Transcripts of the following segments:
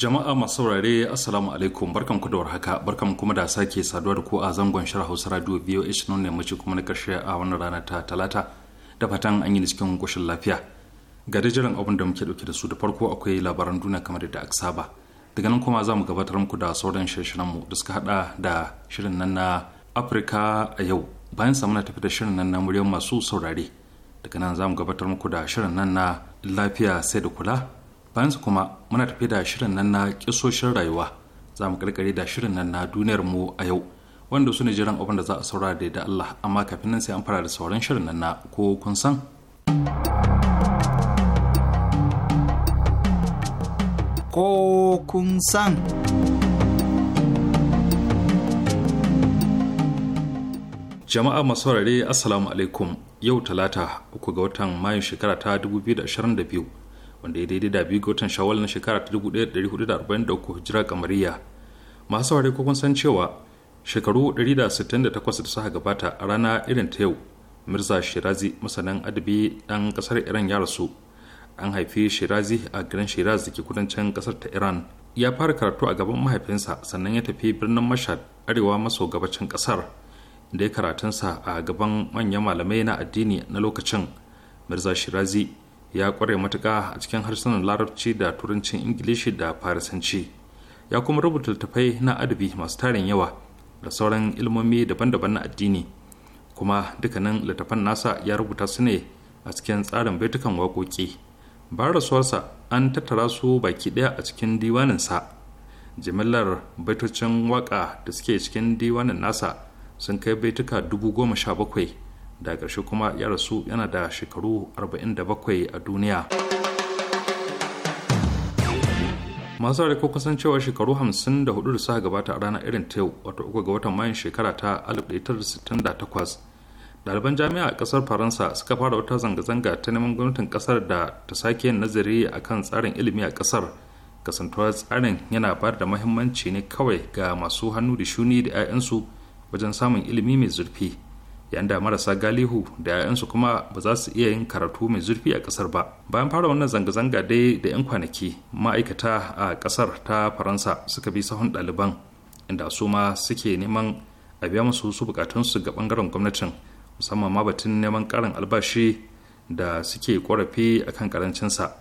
Jama'a masu saurare Assalamu alaikum barkan ku da warhaka barkan kuma da sake saduwa da ku a zangon shirin Hausa Radio ish nun ne mace kuma na karshe a wannan rana ta Talata da fatan an yi cikin koshin lafiya. Ga jiran abin da muke dauke da su da farko akwai labaran duniya kamar da aka saba. Daga nan kuma za mu gabatar muku da sauran shirin mu da suka hada da shirin nan na Afirka a yau bayan sa muna tafi da shirin nan na muryar masu saurare. Daga nan za mu gabatar muku da shirin nan na lafiya sai da kula bayan su kuma muna tafi da shirin nan na kisoshin rayuwa za mu karkare da shirin nan na duniyar mu a yau wanda su ne jiran abin da za a saurara da da Allah amma kafin nan sai an fara da sauran shirin nan na ko kun san ko kun san jama'a masu saurare assalamu alaikum yau talata uku ga watan mayu shekara ta 2022 wanda ya daidai da biyu ga watan shawal na shekara ta 1443 hijira kamariya masu saurari ko kun san cewa shekaru 168 da suka gabata a rana irin ta yau mirza shirazi masanin adabi dan kasar iran ya rasu an haifi shirazi a garin shiraz da ke kudancin kasar ta iran ya fara karatu a gaban mahaifinsa sannan ya tafi birnin mashhad arewa maso gabacin kasar da ya karatunsa a gaban manyan malamai na addini na lokacin mirza shirazi ya kware matuka a cikin harsunan larabci da turancin ingilishi da farisanci ya kuma rubuta littattafai na adabi masu tarin yawa da sauran ilmomi daban-daban na addini kuma dukkanin littattafan nasa ya rubuta su ne a cikin tsarin baitukan waƙoƙi bayan rasuwarsa an tattara su baki ɗaya a cikin diwaninsa jimillar baitocin waƙa da suke cikin diwanin nasa sun kai baituka dubu goma sha bakwai da ƙarshe kuma ya rasu yana da shekaru 47 a duniya masu ko kusan cewa shekaru 54 da suka gabata a rana irin ta wata wato uku ga watan mayan shekara ta 1968 ɗaliban jami'a a ƙasar faransa suka fara wata zanga-zanga ta neman gwamnatin ƙasar da ta sake yin nazari a kan tsarin ilimi a ƙasar kasantuwar tsarin yana ba da mahimmanci ne kawai ga masu hannu da shuni da 'ya'yansu wajen samun ilimi mai zurfi yanda marasa galihu da 'ya'yansu kuma ba za su iya yin karatu mai zurfi a kasar ba bayan fara wannan zanga-zanga dai da 'yan kwanaki ma'aikata a kasar ta faransa suka bi sahun ɗaliban inda su ma suke neman a biya musu su bukatunsu ga bangaren gwamnatin musamman ma batun neman karin albashi da suke korafi kan karancinsa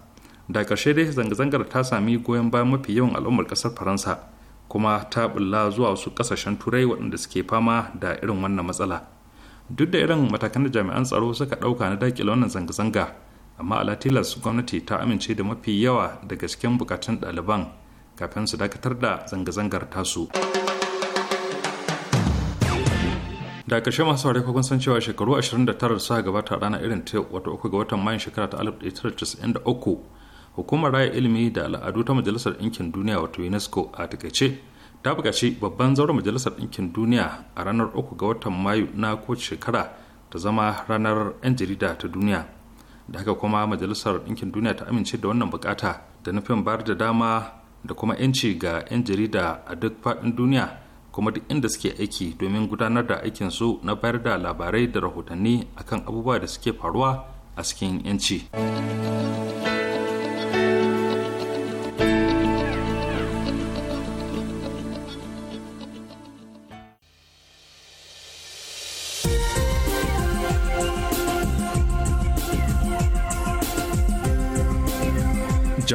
da ƙarshe dai zanga-zangar ta sami goyon bayan mafi yawan al'ummar kasar faransa kuma ta bulla zuwa wasu ƙasashen turai waɗanda suke fama da irin wannan matsala duk da irin matakan da jami'an tsaro suka ɗauka na daƙile wannan zanga-zanga amma ala gwamnati ta amince da mafi yawa daga cikin bukatun ɗaliban kafin su dakatar da zanga-zangar tasu da ƙarshe masu saurari kun san cewa shekaru 29 suka gabata rana irin ta wata uku ga watan mayun shekara ta 1993 hukumar raya ilimi da al'adu ta majalisar ɗinkin duniya wato unesco a takaice ta bukaci babban zauren majalisar ɗinkin duniya a ranar 3 ga watan mayu na kowace shekara ta zama ranar 'yan jarida ta duniya da haka kuma majalisar ɗinkin duniya ta amince da wannan bukata da nufin bayar da dama da kuma 'yanci ga 'yan jarida a duk faɗin duniya kuma duk inda suke aiki domin gudanar da aikinsu na bayar da labarai da rahotanni akan abubuwa da suke faruwa a cikin 'yanci.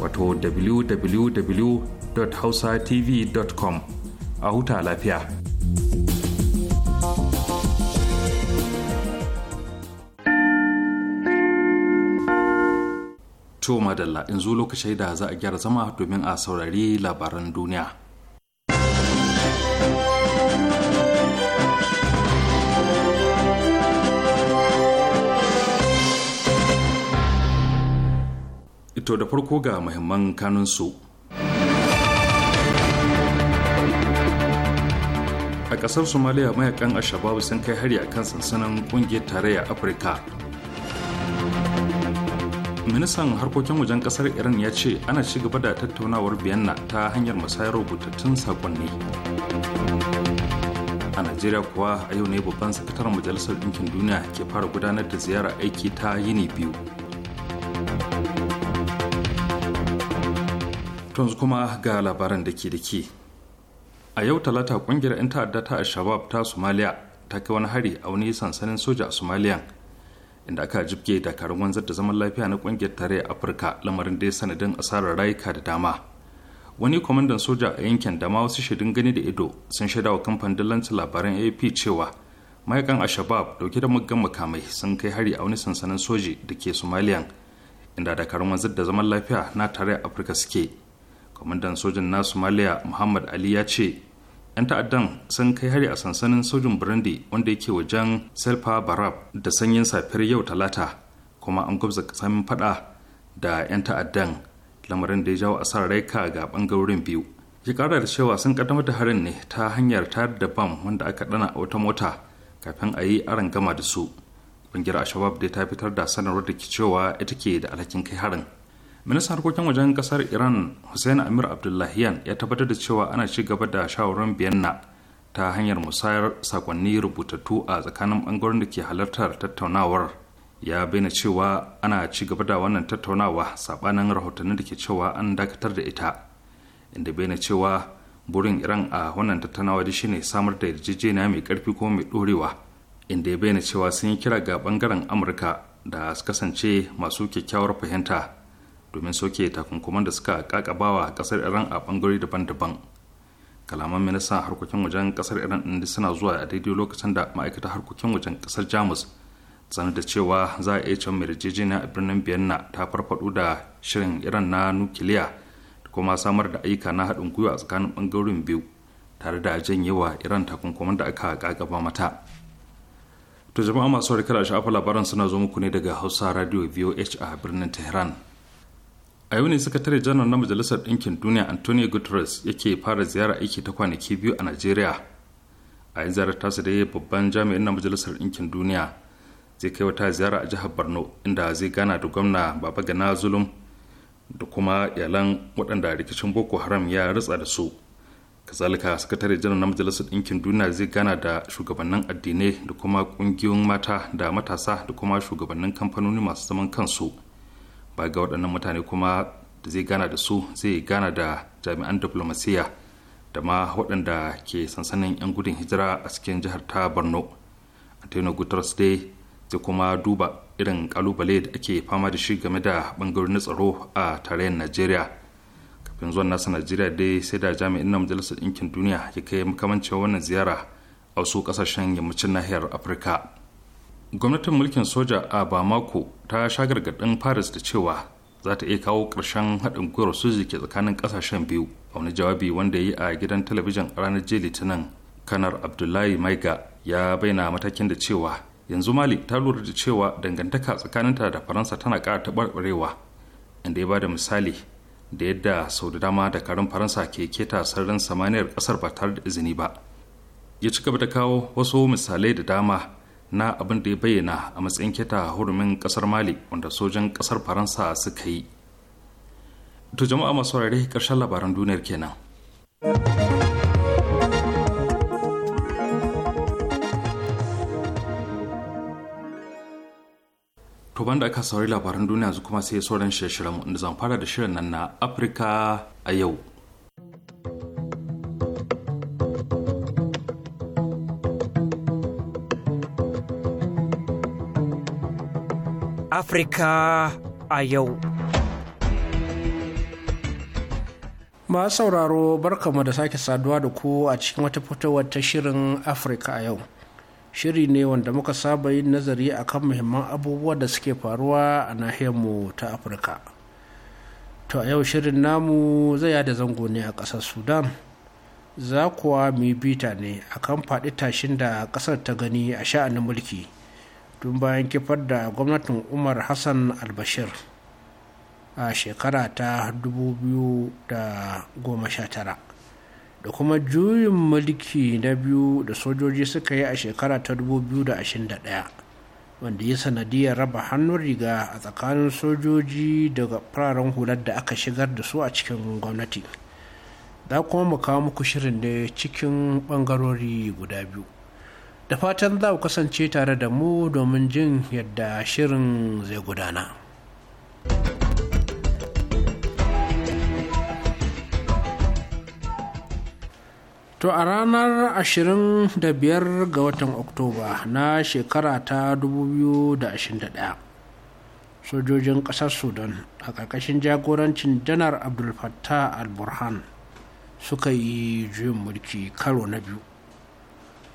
wato www.hausatv.com a huta lafiya. To madalla in zo lokacin da za a gyara zama domin a saurari labaran duniya. To da farko ga muhimman kanunsu. A ƙasar somaliya mayakan Ashababu sun kai hari a kan sansanin ƙungiyar tarayya Afirka. Ministan harkokin wajen ƙasar Iran ya ce ana ci gaba da tattaunawar biyanna ta hanyar musayar rubutattun saƙonni. A Najeriya kuwa a yau ne babban sakataren Majalisar Ɗinkin Duniya ke fara gudanar da ziyara aiki ta yini biyu. yanzu kuma ga labaran da ke da ke a yau talata kungiyar 'yan ta'adda ta shabab ta somaliya ta kai wani hari a wani sansanin soja a somaliya inda aka jibge dakarun wanzar da zaman lafiya na kungiyar tarayyar afirka lamarin da ya sanadin asarar rayuka da dama wani kwamandan soja a yankin da ma wasu shaidun gani da ido sun shaidawa wa kamfanin dillancin labaran ap cewa mayakan ashabab dauke da muggan makamai sun kai hari a wani sansanin soji da ke somaliya inda dakarun wanzar da zaman lafiya na tare a afirka suke kwamandan sojin na somaliya muhammad ali ya ce 'yan ta'addan sun kai hari a sansanin sojin burundi wanda yake wajen selfa barab da sanyin safiyar yau talata kuma an gwabza kasamin fada da 'yan ta'addan lamarin da ya jawo asarar raika ga bangarorin biyu ya kara da cewa sun kaddamar da harin ne ta hanyar tayar da bam wanda aka dana a wata mota kafin a yi aron gama da su ƙungiyar ashabab da ta fitar da sanarwar da ke cewa ita ke da alhakin kai harin ministan harkokin wajen kasar iran hussein amir Abdullahiyan ya tabbatar da cewa ana ci gaba da shawarar biyanna ta hanyar musayar sakonni rubutattu a tsakanin bangaren da ke halartar tattaunawar ya bayyana cewa ana ci gaba da wannan tattaunawa sabanin rahotannin da ke cewa an dakatar da ita inda bayyana cewa burin iran a wannan tattaunawa da shine samar da yarjejeniya mai karfi ko mai dorewa inda ya bayyana cewa sun yi kira ga bangaren amurka da su kasance masu kyakkyawar fahimta domin soke takunkuman da suka kakabawa kasar iran a bangare daban-daban kalaman ministan harkokin wajen kasar iran ɗin suna zuwa a daidai lokacin da ma'aikatar harkokin wajen kasar jamus sanar da cewa za a iya can mai yarjejeniya a birnin vienna ta farfado da shirin iran na nukiliya da kuma samar da ayyuka na haɗin gwiwa a tsakanin bangarorin biyu tare da janyewa iran takunkuman da aka kakaba mata to jama'a masu rikar sha'afa labaran suna zo muku ne daga hausa radio voh a birnin tehran a yau ne sakatare janar na majalisar ɗinkin duniya antonio guterres yake fara ziyara aiki ta kwanaki biyu a nigeria a yin ziyarar tasa da babban jami'in na majalisar ɗinkin duniya zai kai wata ziyara a jihar borno inda zai gana da gwamna baba gana zulum da kuma iyalan waɗanda rikicin boko haram ya ritsa da su kazalika sakatare janar na majalisar ɗinkin duniya zai gana da shugabannin addinai da kuma ƙungiyoyin mata da matasa da kuma shugabannin kamfanoni masu zaman kansu ba ga waɗannan mutane kuma da zai gana da su zai gana da jami'an diplomasiya da ma waɗanda ke sansanin 'yan gudun hijira a cikin jihar ta borno antonio guterres dai zai kuma duba irin kalubale da ake fama da shi game da ɓangarorin tsaro a tarayyar najeriya kafin zuwan nasa najeriya dai sai da jami'in na majalisar ɗinkin duniya ya kai makamancin wannan ziyara a wasu ƙasashen yammacin nahiyar afirka gwamnatin mulkin soja a bamako ta sha gargaɗin paris da cewa za ta iya kawo ƙarshen haɗin gwiwar soji ke tsakanin ƙasashen biyu a wani jawabi wanda ya yi a gidan talabijin ranar jiya litinin kanar abdullahi maiga ya bayyana matakin da cewa yanzu mali ta lura da cewa dangantaka tsakaninta da faransa tana ƙara taɓarɓarewa inda ya ba da misali da yadda sau da dama da karin faransa ke keta sararin samaniyar ƙasar ba tare da izini ba ya ci gaba da kawo wasu misalai da dama na abin da ya bayyana a matsayin keta hurumin kasar mali wanda sojan kasar faransa suka yi to jama'a masu rarrahe karshen labaran duniyar kenan to banda aka saurari labaran duniya su kuma sai sauran shirye-shiryen inda zan fara da shirin nan na afirka a yau Afirka a yau. Masu sauraro barkamu da sake saduwa da ku a cikin wata fitowar ta shirin Afirka a yau. Shiri ne wanda muka saba yin nazari akan muhimman abubuwa da suke faruwa a nahiyarmu ta Afirka. To a yau shirin namu zai yada zango ne a ƙasar Sudan. Za kuwa mu bita ne akan faɗi tashin da ƙasar ta gani a sha'anin mulki. tun bayan kifar da gwamnatin umar hassan albashir a shekara ta 2019 da kuma juyin mulki na biyu da sojoji suka yi a shekara ta 2021 wanda ya sanadiyar raba hannun riga a tsakanin sojoji daga fararen hular da aka shigar da su a cikin gwamnati za kuma mu kawo muku shirin da cikin bangarori guda biyu da fatan za ku kasance tare da mu domin jin yadda shirin zai gudana. To a ranar 25 ga watan Oktoba na shekara ta 2021, sojojin ƙasar Sudan a ƙarƙashin jagorancin janar Abdul Fattah al-Burhan suka yi juyin mulki karo na biyu.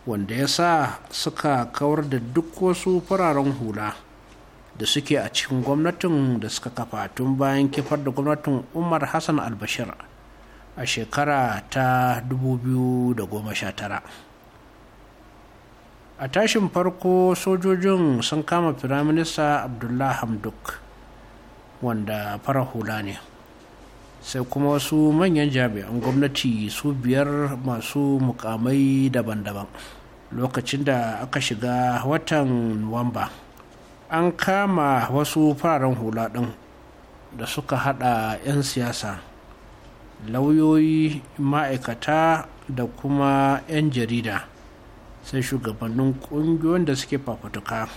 wanda ya sa suka kawar da duk wasu fararen hula da suke a cikin gwamnatin da suka kafa tun bayan kifar da gwamnatin umar hassan albashir a shekara ta 2019 a tashin farko sojojin sun kama firaminista abdullah hamduk wanda fara hula ne sai kuma wasu manyan jami'an gwamnati su biyar masu mukamai daban-daban lokacin da aka shiga watan nuwamba an kama wasu fararen hula ɗin da suka hada 'yan siyasa lauyoyi ma'aikata da kuma 'yan jarida sai shugabannin ƙungiyoyin da suke fafutuka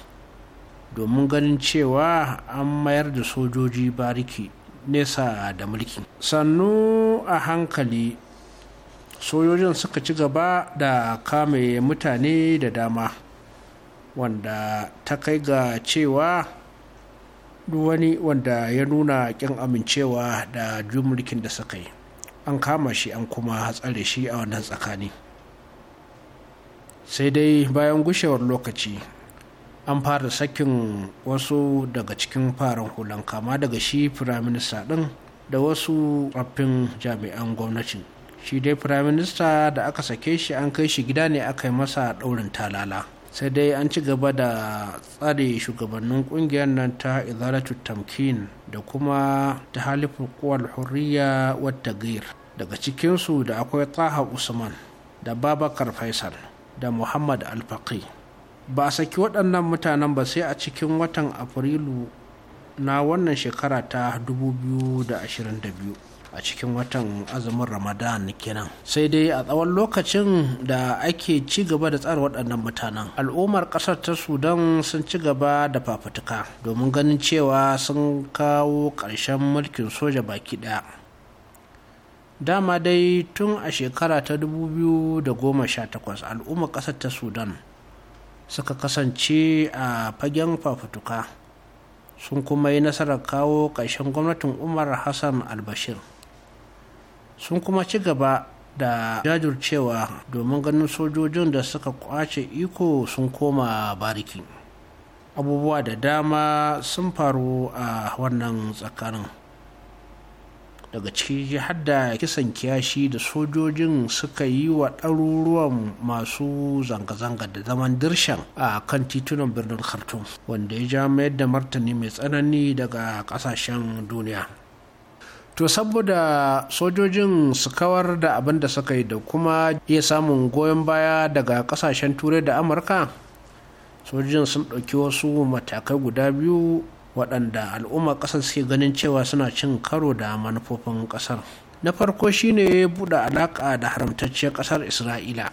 domin ganin cewa an mayar da sojoji bariki nesa da mulki sannu a hankali sojojin suka ci gaba da kame mutane da dama wanda ta kai ga cewa wani wanda ya nuna kin amincewa da juyin mulkin da suka yi an kama shi an kuma tsare shi a wannan tsakani sai dai bayan gushewar lokaci an fara sakin wasu daga cikin farin hulan kama daga shi firaminista ɗin da wasu tsaffin jami'an gwamnati. shi dai firaminista da aka sake shi an kai shi gida ne aka yi masa ɗaurin talala sai dai an ci gaba da tsare shugabannin kungiyar nan ta izalatu tamkin da kuma ta halifu kowal hurriya wata gir daga cikinsu da akwai taha usman da babakar faisal da muhammad alfaqi ba a saki waɗannan mutanen ba sai a cikin watan afrilu na wannan shekara ta 2022 a cikin watan azumin ramadan kenan sai dai a tsawon lokacin da ake ci gaba da tsara waɗannan mutanen al'ummar ƙasar ta sudan sun ci gaba da fafutuka domin ganin cewa sun kawo ƙarshen mulkin soja baki ɗaya dama dai tun a shekara ta 2018 al'ummar ƙasar ta sudan suka kasance a fagen fafutuka sun kuma yi nasarar kawo ƙarshen gwamnatin umar hassan albashir sun kuma ci gaba da jajircewa domin ganin sojojin da suka kwace iko sun koma bariki abubuwa da dama sun faru a wannan tsakanin daga ciki har da kisan kiyashi da sojojin suka yi wa ɗaruruwan masu zanga-zanga da zaman dirshan a kan titunan birnin khartoum wanda ya ja mayar da martani mai tsanani daga ƙasashen duniya to saboda sojojin su kawar da abin da suka yi da kuma iya samun goyon baya daga ƙasashen turai da amurka sojojin sun ɗauki wasu matakai guda biyu waɗanda al'ummar ƙasar suke ganin cewa suna cin karo da manufofin ƙasar na farko shine buɗe alaƙa da haramtacciyar ƙasar isra'ila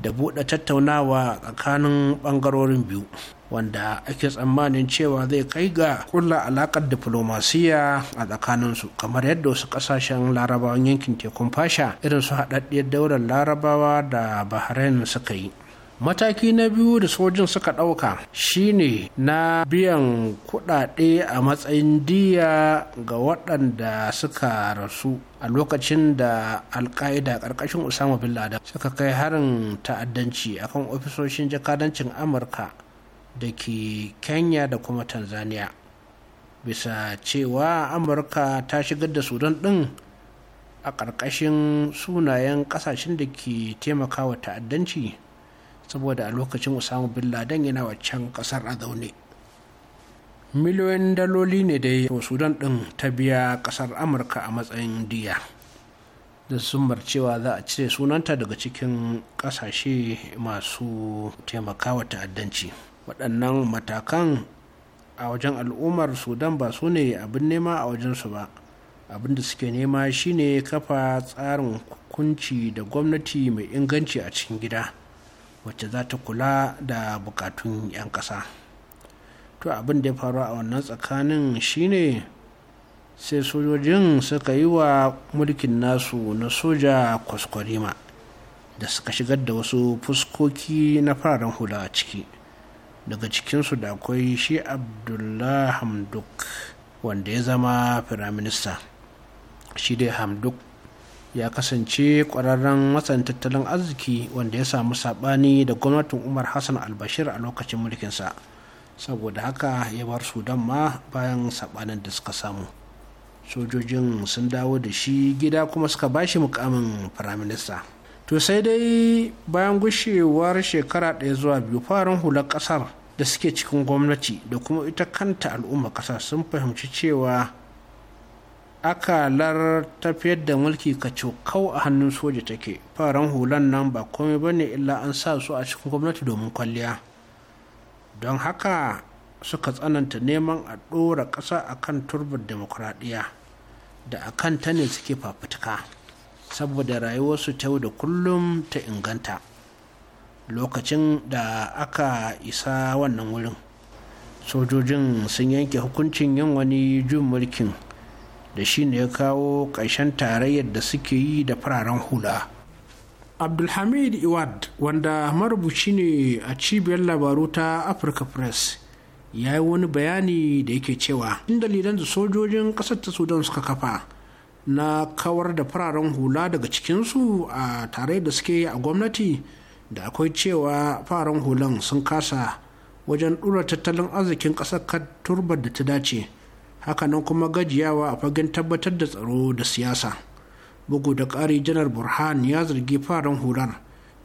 da buɗe tattaunawa tsakanin ɓangarorin biyu wanda ake tsammanin cewa zai kai ga ƙulla alaƙar diflomasiyya a tsakaninsu kamar yadda wasu ƙasashen larabawan yankin tekun fasha irin su haɗaɗɗiyar daular larabawa da bahrain suka yi mataki na biyu da sojin suka ɗauka shine na biyan kuɗaɗe a matsayin diya ga waɗanda suka rasu a lokacin da alka'ida ƙarƙashin usama bin laden suka kai harin ta'addanci akan ofisoshin jakadancin amurka da ke kenya da kuma tanzania bisa cewa amurka ta shigar da sudan ɗin a ƙarƙashin sunayen ƙasashen da ke taimakawa ta'addanci saboda a lokacin usama bin laden yana waccan kasar a zaune miliyoyin daloli ne dai sudan din ta biya kasar amurka a matsayin diya da sumbar cewa za a cire sunanta daga cikin kasashe masu taimakawa ta'addanci waɗannan matakan a wajen al'ummar sudan ba su ne abin nema a wajensu ba abin da suke nema shine kafa tsarin hukunci da gwamnati mai inganci a cikin gida wacce za ta kula da bukatun 'yan ƙasa to abin da ya faru a wannan tsakanin shine sai sojojin suka yi wa mulkin nasu na soja kwaskwarima da suka shigar da wasu fuskoki na fararen hula a ciki daga cikinsu da akwai shi abdullah hamduk wanda ya zama firaminista shi dai hamduk ya kasance ƙwararren matsayin tattalin arziki wanda ya samu saɓani da gwamnatin umar hassan albashir a lokacin mulkinsa saboda haka ya bar sudan ma bayan saɓanin da suka samu sojojin sun dawo da shi gida kuma suka ba shi mukamin firaminista to sai dai bayan gushewar shekara ɗaya zuwa biyu farin hular ƙasar da suke cikin gwamnati da kuma ita kanta al'umma ƙasar sun fahimci cewa akalar tafiyar da mulki kacokau a hannun soja take faran hulan nan ba komai ba ne illa an sa su a cikin gwamnati domin kwalliya don haka suka tsananta neman a ɗora ƙasa a kan turbar demokuraɗiyya da a kan ta ne suke fafutuka saboda rayuwarsu ta da kullum ta inganta lokacin da aka isa wannan wurin sojojin sun yanke hukuncin yin wani jin mulkin da shi ne ya kawo ƙarshen tarayyar da suke yi da fararen hula abdulhamid iwad wanda marubuci ne a cibiyar labaru ta africa press ya yi wani bayani da yake cewa in dalilan da sojojin ƙasar ta sudan suka kafa na kawar da fararen hula daga cikinsu a tare da suke a gwamnati da akwai cewa fararen hulan sun kasa wajen ɗura tattalin arzikin ƙasar turbar da ta dace hakanan kuma gajiyawa a fagen tabbatar da tsaro da siyasa bugu da ƙari janar burhan ya zargi faran hular,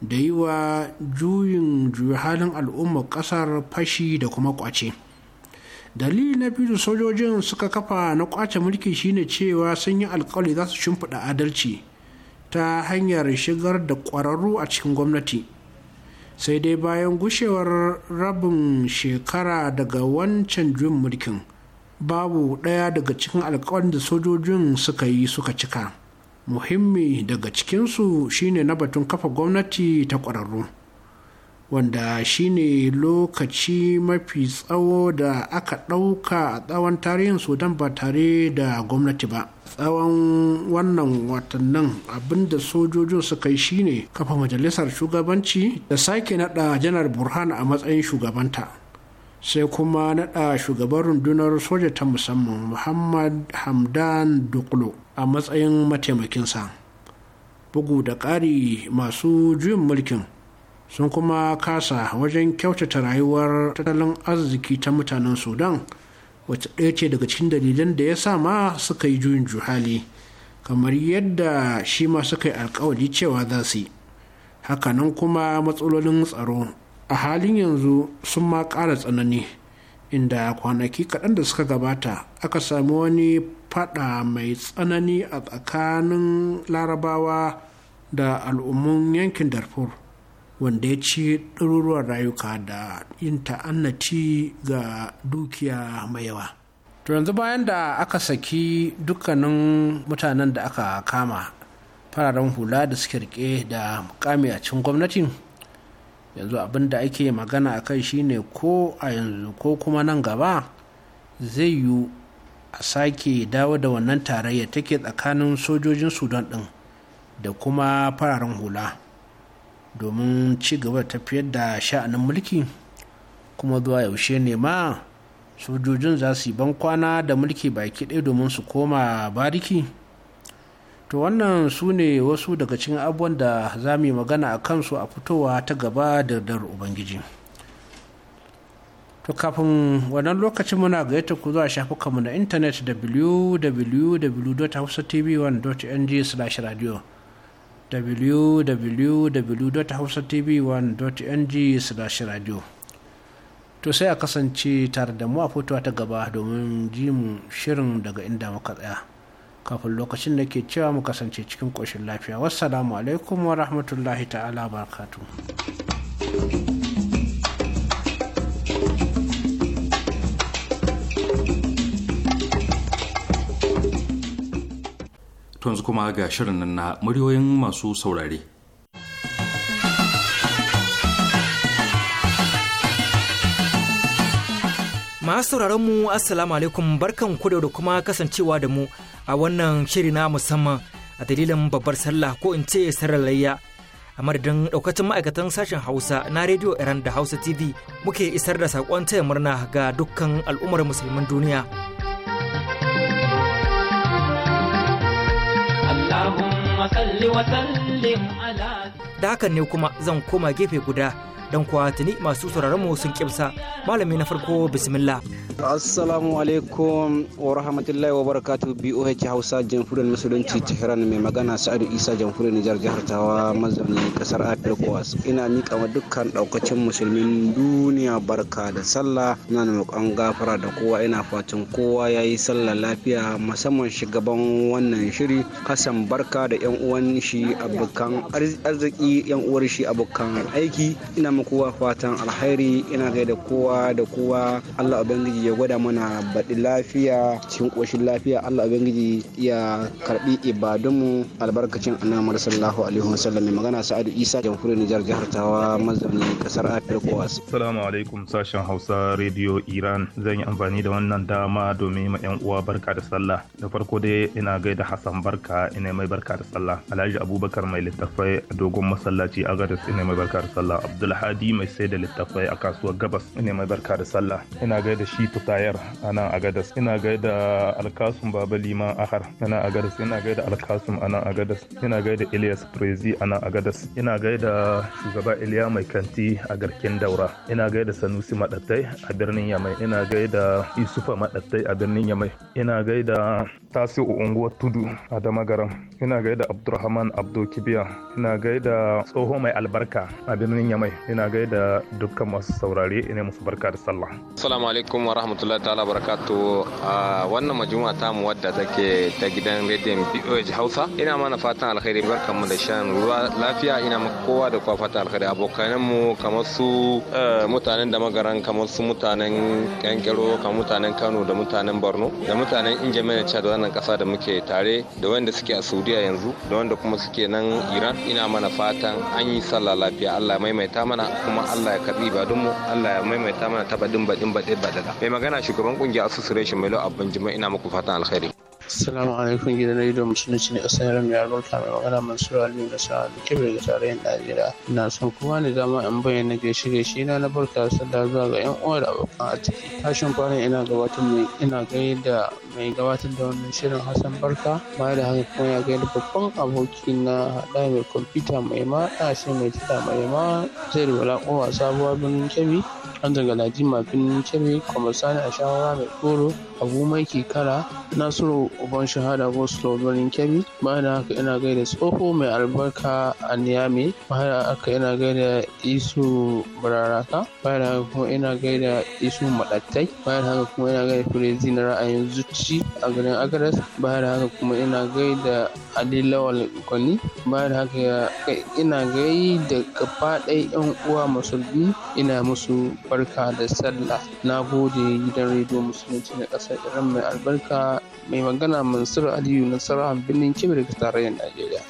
da yi wa juyin juya halin al'umma ƙasar fashi da kuma ƙwace dalili na biyu sojojin suka kafa na ƙwace mulki shine cewa sun yi alkawari za su shimfiɗa adalci ta hanyar shigar da ƙwararru a cikin gwamnati sai dai bayan gushewar rabin shekara daga wancan juyin mulkin babu ɗaya daga cikin alkawarin da sojojin suka yi suka cika muhimmi daga cikinsu shine na batun kafa gwamnati ta ƙwararru wanda shine lokaci mafi tsawo da aka ɗauka a tsawon tarihin sudan ba tare da gwamnati ba tsawon wannan watannin abinda sojojin suka yi shine kafa majalisar shugabanci da sake naɗa janar burhan a matsayin shugabanta sai kuma naɗa shugaban rundunar soja ta musamman muhammad hamdan duklo a matsayin mataimakinsa bugu da ƙari masu juyin mulkin sun kuma kasa wajen kyautata rayuwar tattalin arziki ta mutanen sudan wacce ɗaya ce daga cikin dalilan da ya sa ma suka yi juyin juhali kamar yadda shi ma suka yi alkawari cewa za su yi hakanan kuma matsalolin tsaro a halin yanzu sun ma ƙara tsanani inda kwanaki kaɗan da suka gabata aka sami wani fada mai tsanani a tsakanin larabawa da al'ummun yankin darfur wanda ya ci ɗaruruwan rayuka da yin ta'annaci ga dukiya mai yawa to yanzu bayan da aka saki dukkanin mutanen da aka kama fararen hula da suke rike da mukami cikin gwamnatin yanzu abin da ake magana a kai shine ko a yanzu ko kuma nan gaba zai yiwu a sake dawo da wannan tarayya take tsakanin sojojin sudan ɗin da kuma fararen hula domin ci gaba da tafiyar da sha'anin mulki kuma zuwa yaushe ne ma sojojin za su yi ban kwana da mulki baki ɗaya domin su koma bariki to wannan su ne wasu daga cikin abubuwan da za mu yi magana a kansu a fitowa ta gaba da dar ubangiji to kafin wannan lokacin muna gayyata ku zuwa shafukanmu na intanet www.hausatv1.ng/radio www.hausatv1.ng/radio to sai a kasance tare da mu a fitowa ta gaba domin ji mu shirin daga inda muka tsaya. kafin lokacin da ke cewa mu kasance cikin ƙoshin lafiya wassalamu alaikum wa rahmatullahi ta'ala barakatu tunzu kuma ga shirin nan na muryoyin masu saurare Masu mu Assalamu alaikum barkan ku da kuma kasancewa da mu a wannan shiri na musamman a dalilin babbar sallah ko in ce sararlayya a madadin daukacin ma'aikatan sashen Hausa na Radio Iran da Hausa TV muke isar da saƙon taya murna ga dukkan al'ummar musulmin duniya. Da hakan ne kuma zan koma gefe guda dan kuwa tuni masu sauraron mu sun kimsa malami na farko bismillah assalamu alaikum wa rahmatullahi wa barakatuh BOH Hausa jamhuriyar musulunci Tehran mai magana Sa'adu Isa jamhuriyar Nijar jihar Tawa mazauni kasar afirka ina mika ma dukkan daukacin musulmin duniya barka da sallah ina roƙon gafara da kowa ina fatan kowa yayi sallah lafiya musamman shugaban wannan shiri Hassan Barka da yan uwan shi abokan arziki yan uwar shi abokan aiki ina kowa fatan alheri ina gaida kowa da kowa Allah ubangiji ya gwada mana baɗi lafiya cikin ƙoshin lafiya Allah ubangiji ya karbi ibadunmu albarkacin annabi sallallahu alaihi wasallam magana Sa'adu Isa jamhuriyar Nijar jihar Tawa mazauni kasar Afirka wasu. Assalamu alaikum sashen Hausa rediyo Iran zan yi amfani da wannan dama domin ma yan uwa barka da sallah da farko dai ina gaida Hassan barka ina mai barka da sallah Alhaji Abubakar mai littafai a dogon masallaci Agadez ina mai barka da sallah Abdulhaji Ladi mai sai da littafai a kasuwar gabas ina mai barka da sallah ina gaida shi tutayar a nan a gadas ina gaida alkasum baba liman ahar a nan a gadas ina gaida alkasum a nan a gadas ina gaida ilyas prezi a nan a gadas ina gaida shugaba iliya mai kanti a garkin daura ina gaida sanusi madattai a birnin yamai ina gaida isufa madattai a birnin yamai ina gaida tasi unguwar tudu a damagaran ina gaida abdurrahman abdo ina gaida tsoho mai albarka a birnin yamai ina ina gaida dukkan masu saurare ina musu barka da sallah assalamu alaikum wa rahmatullahi ta'ala barakatu a wannan majuma ta mu wadda take ta gidan rediyon BOH Hausa ina mana fatan alkhairi barkan mu da shan ruwa lafiya ina muku kowa da kowa fatan alkhairi abokanan mu kamar su eh, mutanen da magaran kamar su mutanen Kankero kamar mutanen Kano da mutanen Borno da mutanen Injamena Chad wannan kasa da muke tare da wanda suke a Saudiya yanzu da wanda kuma suke nan Iran ina mana fatan an yi sallah lafiya Allah maimaita mana mana kuma Allah ya karbi mu Allah ya maimaita mana ta badin badin badin badada mai magana shugaban ƙungiyar association mai lau abban jima'a ina muku fatan alkhairi Assalamu alaikum gidan rediyo musulunci ne ƙasar yaran mai albarka mai magana Mansur Ali na sa da kebe ga tarayyar Najeriya. Ina son kuma ne dama in bayyana gaishe gaishe na na barka da zuwa ga yan uwa da abokan arziki. Tashin kwanan ina gabatar mai ina da mai gabatar da wannan shirin Hassan Barka baya da haka kuma ya gai da babban aboki na haɗa mai kwamfuta mai ma ɗashe mai tida mai ma zai rubala kowa sabuwa birnin Kebbi. ɗan galadima birnin kebe kuma sani a shawara mai goro abu mai kara nasiru uban shahada goslo birnin kebe bayan haka ina gaida tsoho mai albarka a niyame bayan haka ina gaida isu bararaka bayan haka kuma ina gaida isu maɗattai bayan haka kuma ina gaida firezi na ra'ayin zuci a garin agaras bayan haka kuma ina gaida adilawal kwani bayan haka ina gaida gaba ɗaya 'yan uwa musulmi ina musu barka da sallah na gode gidan rediyo musulunci na ƙasar iran mai albarka mai magana mansur aliyu nasara birnin kebir daga tarayyar najeriya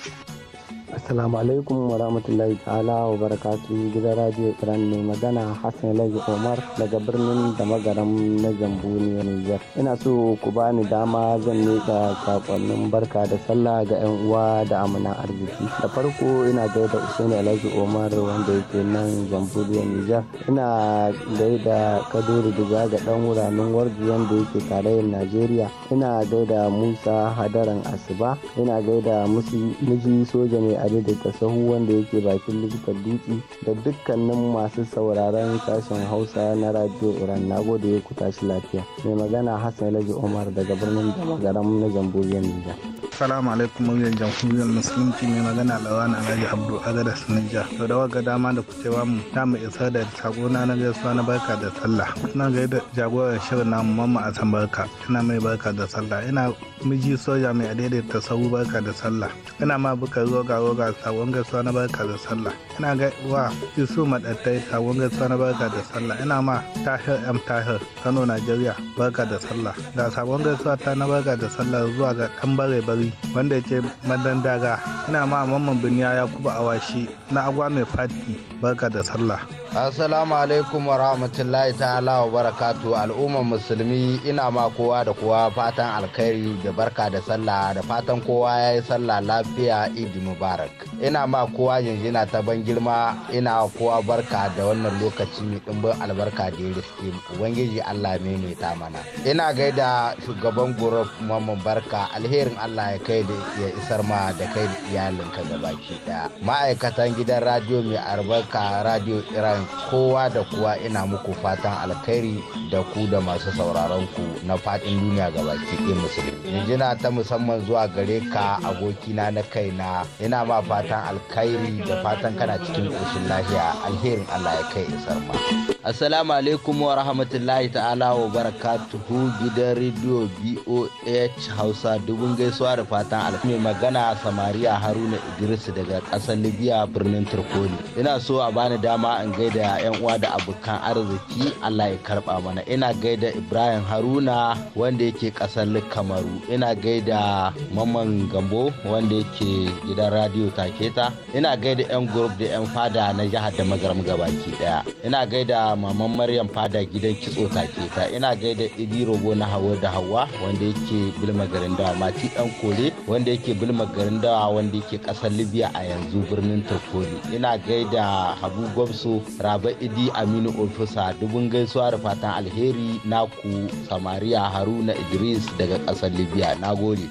Assalamu alaikum wa rahmatullahi ta'ala wa barakatu gida radio Iran mai magana Hassan lagi Omar daga birnin da magaram na Jamhuriyar Niger. Ina so ku bani dama zan nika sakonnin barka da sallah ga 'yan uwa da amana arziki. Da farko ina gaida Usain Alhaji Omar wanda yake nan Jamhuriyar Niger. Ina gaida Kaduri da ga dan wuranin Warji wanda yake tarayyar Najeriya. Ina gaida Musa Hadaran Asuba. Ina gaida Musi Miji Soja mai tare da kasahu wanda yake bakin likitan dutse da dukkanin masu sauraron sashen hausa na radio iran na gode ya kuta shi lafiya mai magana hassan laji umar daga birnin garam na jamhuriyar nijar salamu alaikum muryar jamhuriyar musulunci mai magana na alhaji abdu agada sanija to da waga dama da cewa mu ta mu isa da sako na gaisuwa na barka da sallah ina ga da jagoran shirin namu mamma san barka ina mai barka da sallah ina miji soja mai adaidaita sahu barka da sallah ina ma buka roga roga ga sabon gaisuwa na barka da sallah ina ga wa isu madattai sabon gaisuwa na barka da sallah ina ma tahir m tahir kano najeriya barka da sallah ga sabon gaisuwa ta na barka da sallah zuwa ga dan bare bari wanda yake madan daga ina ma mamman biniya yakubu awashi na agwa mai fati barka da sallah Assalamu alaikum wa rahmatullahi ta'ala wa barakatu al'ummar musulmi ina ma kowa da kowa fatan alkhairi da barka da sallah da fatan kowa ya yi sallah lafiya idi mubarak ina ma kowa yanzu ta ban girma ina kowa barka da wannan lokaci mai dimbin albarka da ya ubangiji Allah maimaita mana ina gaida shugaban guruf mamman barka alherin Allah ya kai da ya isar ma da kai da iyalinka gabaki daya ma'aikatan gidan radio mai albarka radio iran kowa da kowa ina muku fatan alkhairi da ku da masu sauraron ku na fadin duniya baki ɗin musulmi jinjina ta musamman zuwa gare ka abokina na kaina ina ma fatan alkhairi da fatan kana cikin ƙoshin lafiya alherin allah ya kai isar ma. Assalamu alaikum wa rahmatullahi ta'ala wa barakatuhu gidan rediyo BOH Hausa dubun gaisuwa da fatan alfa. Mai magana Samariya Haruna Idris daga ƙasar Libya birnin Tripoli. Ina so a bani dama in gaida yan uwa da abokan arziki Allah ya karba mana. Ina gaida Ibrahim Haruna wanda yake ƙasar Kamaru. Ina gaida Maman Gambo wanda yake gidan radio Taketa. Ina gaida yan group da yan fada na jihar da magaram gabaki daya. Ina gaida maman maryam fada gidan kitso take ta ina gaida idi rogo na hawa da hawa wanda yake bilma garin dawa mati dan kole wanda yake bilma garin dawa wanda yake kasar libya a yanzu birnin tokoli ina gaida habu gwamso raba idi aminu ofisa dubun gaisuwa da fatan alheri naku samariya haruna idris daga kasar libya na gode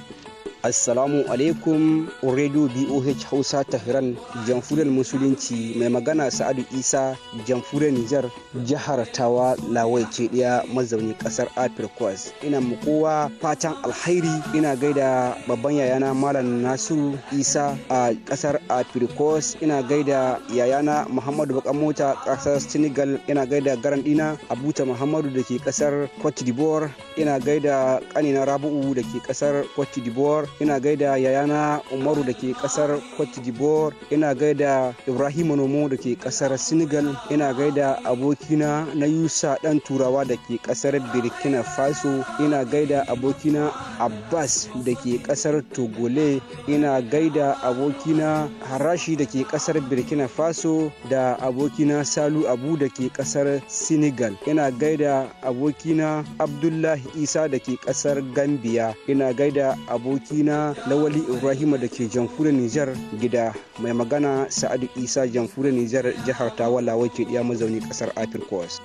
Assalamu alaikum Radio BOH Hausa Tahiran Jamfuran Musulunci mai magana Sa'adu Isa Jamhuriyar Nijar jihar Tawa Lawai ce ɗaya mazaunin ƙasar Afirkwas. Ina mukowa fatan alhairi ina gaida babban yayana Malam Nasiru Isa a ƙasar Afirkwas ina gaida yayana Muhammadu Bakan Mota ƙasar Senegal ina gaida garan ɗina Abuta Muhammadu da ke ƙasar Cote d'Ivoire ina gaida ƙanina Rabu'u da ke ƙasar Cote d'Ivoire ina gaida yayana umaru da ke kasar cote d'ivoire ina gaida ibrahim nomo da ke kasar senegal ina gaida abokina na yusa dan turawa da ke kasar burkina faso ina gaida abokina abbas da ke kasar togole ina gaida abokina harashi da ke kasar burkina faso da abokina salu abu da ke kasar senegal ina gaida abokina abdullahi isa da ke kasar gambia ina gaida abokina na Lawali Ibrahim da ke jamfura Nijar gida mai magana Sa'adu Isa jamfura Nijar jihar Tawala wake diya mazauni kasar Afirkos.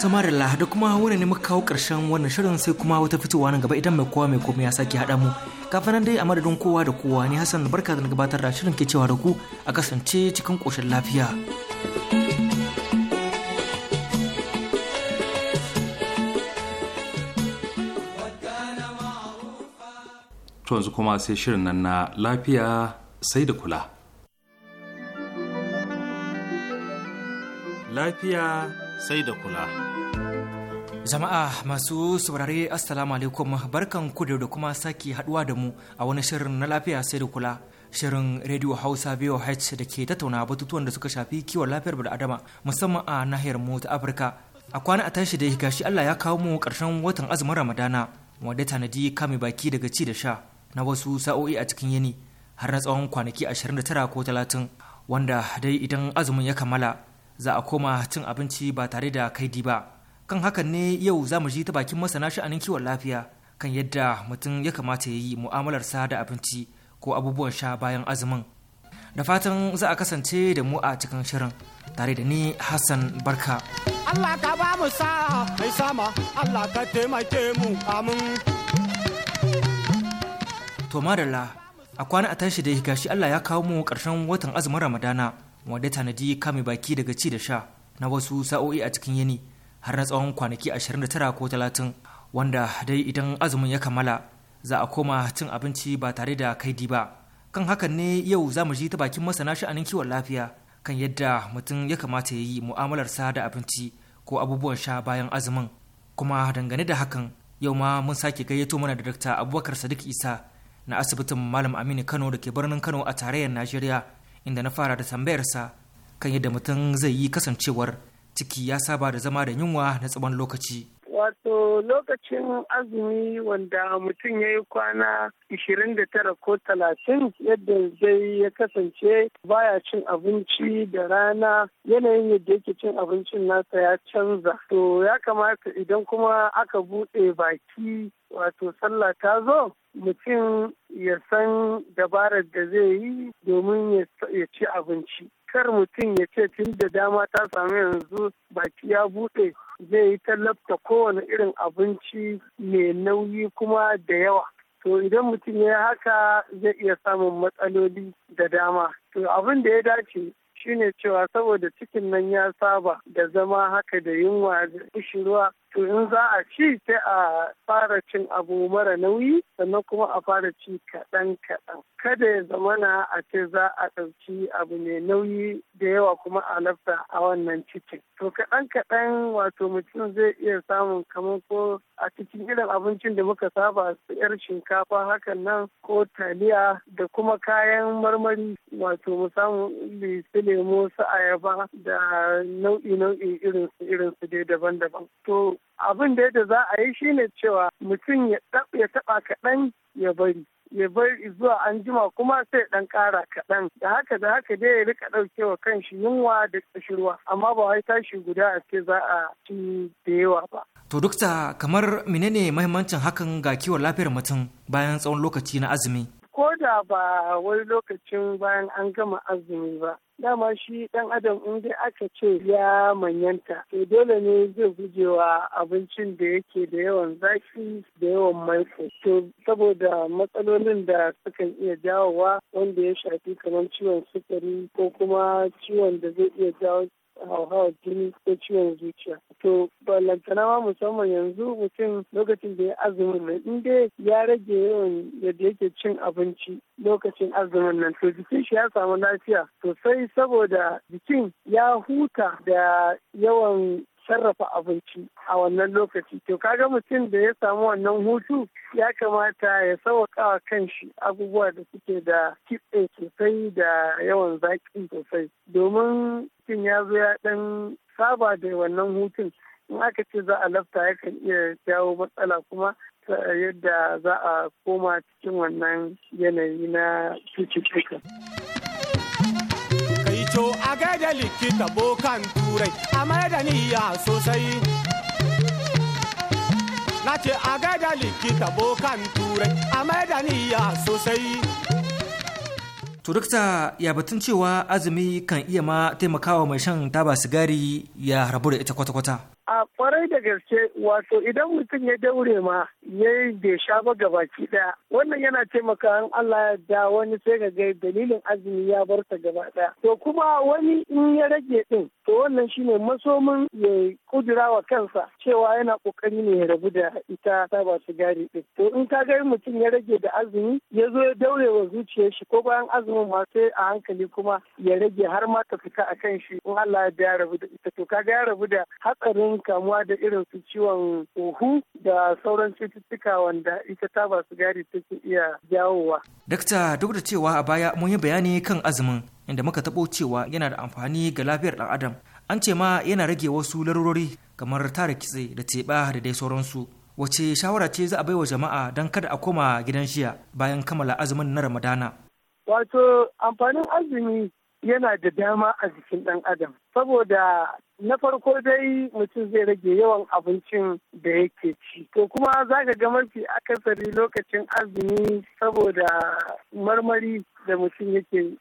Tamarilla da kuma wani ne muka kawo karshen wannan shirin sai kuma wata fitowa nan gaba idan mai kowa mai komai ya sake haɗa mu. Kafin nan dai a madadin kowa da kowa ne Hassan barka da gabatar da shirin ke cewa da ku a kasance cikin ƙoshin lafiya. to yanzu kuma sai shirin nan na lafiya sai da kula lafiya sai da kula jama'a masu saurare assalamu alaikum barkan ku da kuma sake haduwa da mu a wani shirin na lafiya sai da kula shirin radio hausa voh da ke tattauna batutuwan da suka shafi kiwon lafiyar bil'adama musamman a nahiyar mu ta afirka a kwana a tashi da gashi allah ya kawo mu karshen watan azumin ramadana wanda tanadi kame baki daga ci da sha na wasu sa'o'i a cikin yini har na tsawon kwanaki ashirin da tara ko talatin wanda dai idan azumin ya kammala za a koma cin abinci ba tare da kaidi ba kan hakan ne yau za mu ji ta bakin masana sha'anin kiwon lafiya kan yadda mutum ya kamata ya yi mu'amalarsa da abinci ko abubuwan sha bayan azumin da fatan za a kasance da mu a cikin shirin tare da ni hassan barka allah ka ba mu sa mai sama allah ka taimake mu amin to marilla a kwana a tashi da gashi Allah ya kawo mu karshen watan azumin Ramadana wanda tanadi kame baki daga ci da sha na wasu sa'o'i a cikin yini har na tsawon kwanaki 29 ko 30 wanda dai idan azumin ya kammala za a koma cin abinci ba tare da kaidi ba kan hakan ne yau za mu ji ta bakin masana sha'anin kiwon lafiya kan yadda mutum ya kamata ya yi mu'amalar sa da abinci ko abubuwan sha bayan azumin kuma dangane da hakan yau ma mun sake gayyato mana da Dr. Abubakar Sadiq Isa na asibitin malam aminu kano da ke birnin kano a tarayyar najeriya inda na fara da tambayarsa kan yadda mutum zai yi kasancewar ciki ya saba da zama da yunwa na tsawon lokaci wato lokacin azumi wanda mutum ya yi kwana 29 ko 30 yadda zai ya kasance baya cin abinci da rana yanayin yadda yake cin abincin nasa ya canza to ya kamata idan kuma aka buɗe baki wato sallah ta zo mutum ya san dabarar da zai yi domin ya ci abinci kar mutum ya ce tun da dama ta samu yanzu baki ya buɗe zai yi tallafta kowane irin abinci mai nauyi kuma da yawa to idan mutum ya haka zai iya samun matsaloli da dama to abin da ya dace shine cewa saboda cikin nan ya saba da zama haka da yunwa da kushirwa to in za a ci sai a fara cin abu mara nauyi sannan kuma a fara ci kaɗan kaɗan kada ya zamana a ce za a ɗauki abu mai nauyi da yawa kuma a lafta a wannan cikin to kaɗan kaɗan wato mutum zai iya samun kamar ko a cikin irin abincin da muka saba su yar shinkafa hakan nan ko taliya da kuma kayan marmari wato musamman su lemo su ayaba da nau'i nau'i irin su irin su dai daban-daban to abin da za a yi shine cewa mutum ya taɓa kaɗan ya bari ya bar zuwa anjima kuma sai dan kara kaɗan da haka da haka dai ya rika ɗaukewa kanshi yunwa da ƙashirwa amma ba wai tashi guda a ce za a ci da yawa ba. To dukta kamar menene mahimmancin hakan ga kiwon lafiyar mutum bayan tsawon lokaci na azumi? Ko da ba wani lokacin bayan an gama azumi ba, dama shi dan adam in dai aka ce ya manyanta to dole ne zai gujewa abincin da yake da yawan zafi da yawan maiko to saboda matsalolin da sukan iya jawowa wanda ya shafi kamar ciwon sukari ko kuma ciwon da zai iya jawo hauhawar jini ko ciwon zuciya. To balantana ma musamman yanzu mutum lokacin da ya azumin nan in dai ya rage yawan yadda yake cin abinci lokacin azumin nan to jikin shi ya samu lafiya sosai saboda jikin ya huta da yawan sarrafa abinci a wannan lokaci to kaga mutum da ya samu wannan hutu ya kamata ya sauka wa shi abubuwa da suke da kitse sosai da yawan zaƙi sosai domin mutum ya zo ya ɗan saba da wannan hutun in aka ce za a lafta yakan iya jawo matsala kuma yadda za a koma cikin wannan yanayi na cututtuka. da likita bokan turai a da niya sosai na ce a da likita bokan turai a da niyya sosai turukta ya batun cewa azumi kan iya ma taimakawa mai shan taba sigari ya rabu da ita kwata-kwata a kwarai da gaske wato idan mutum ya daure ma ya yi bai sha ba gabaki daya wannan yana taimaka an Allah ya da wani sai ga gai dalilin azumi ya bar ta gaba daya to kuma wani in ya rage din to wannan shine masomin ya kudura wa kansa cewa yana kokari ne ya rabu da ita ta ba gari din to in ka ga mutum ya rage da azumi ya zo ya daure wa zuciyar shi ko bayan azumin ma sai a hankali kuma ya rage har ma ta fita a kan shi in Allah ya da ya rabu da ita to kaga ya rabu da hatsarin kamuwa da irin su ciwon huhu da sauran cututtuka wanda ita ta taba sigari take iya jawowa. Dakta duk da cewa a baya mun yi bayani kan azumin inda muka taɓo cewa yana da amfani ga lafiyar ɗan adam an ce ma yana rage wasu larurori kamar tara kitse da teɓa da dai sauransu. wace shawara ce za a baiwa jama'a don kada a koma gidan shiya bayan kammala azumin na ramadana wato amfanin azumi yana da dama a jikin ɗan adam saboda na farko dai mutum zai rage yawan abincin da yake ci to kuma za ka ga mafi akasari lokacin azumi saboda marmari da mutum yake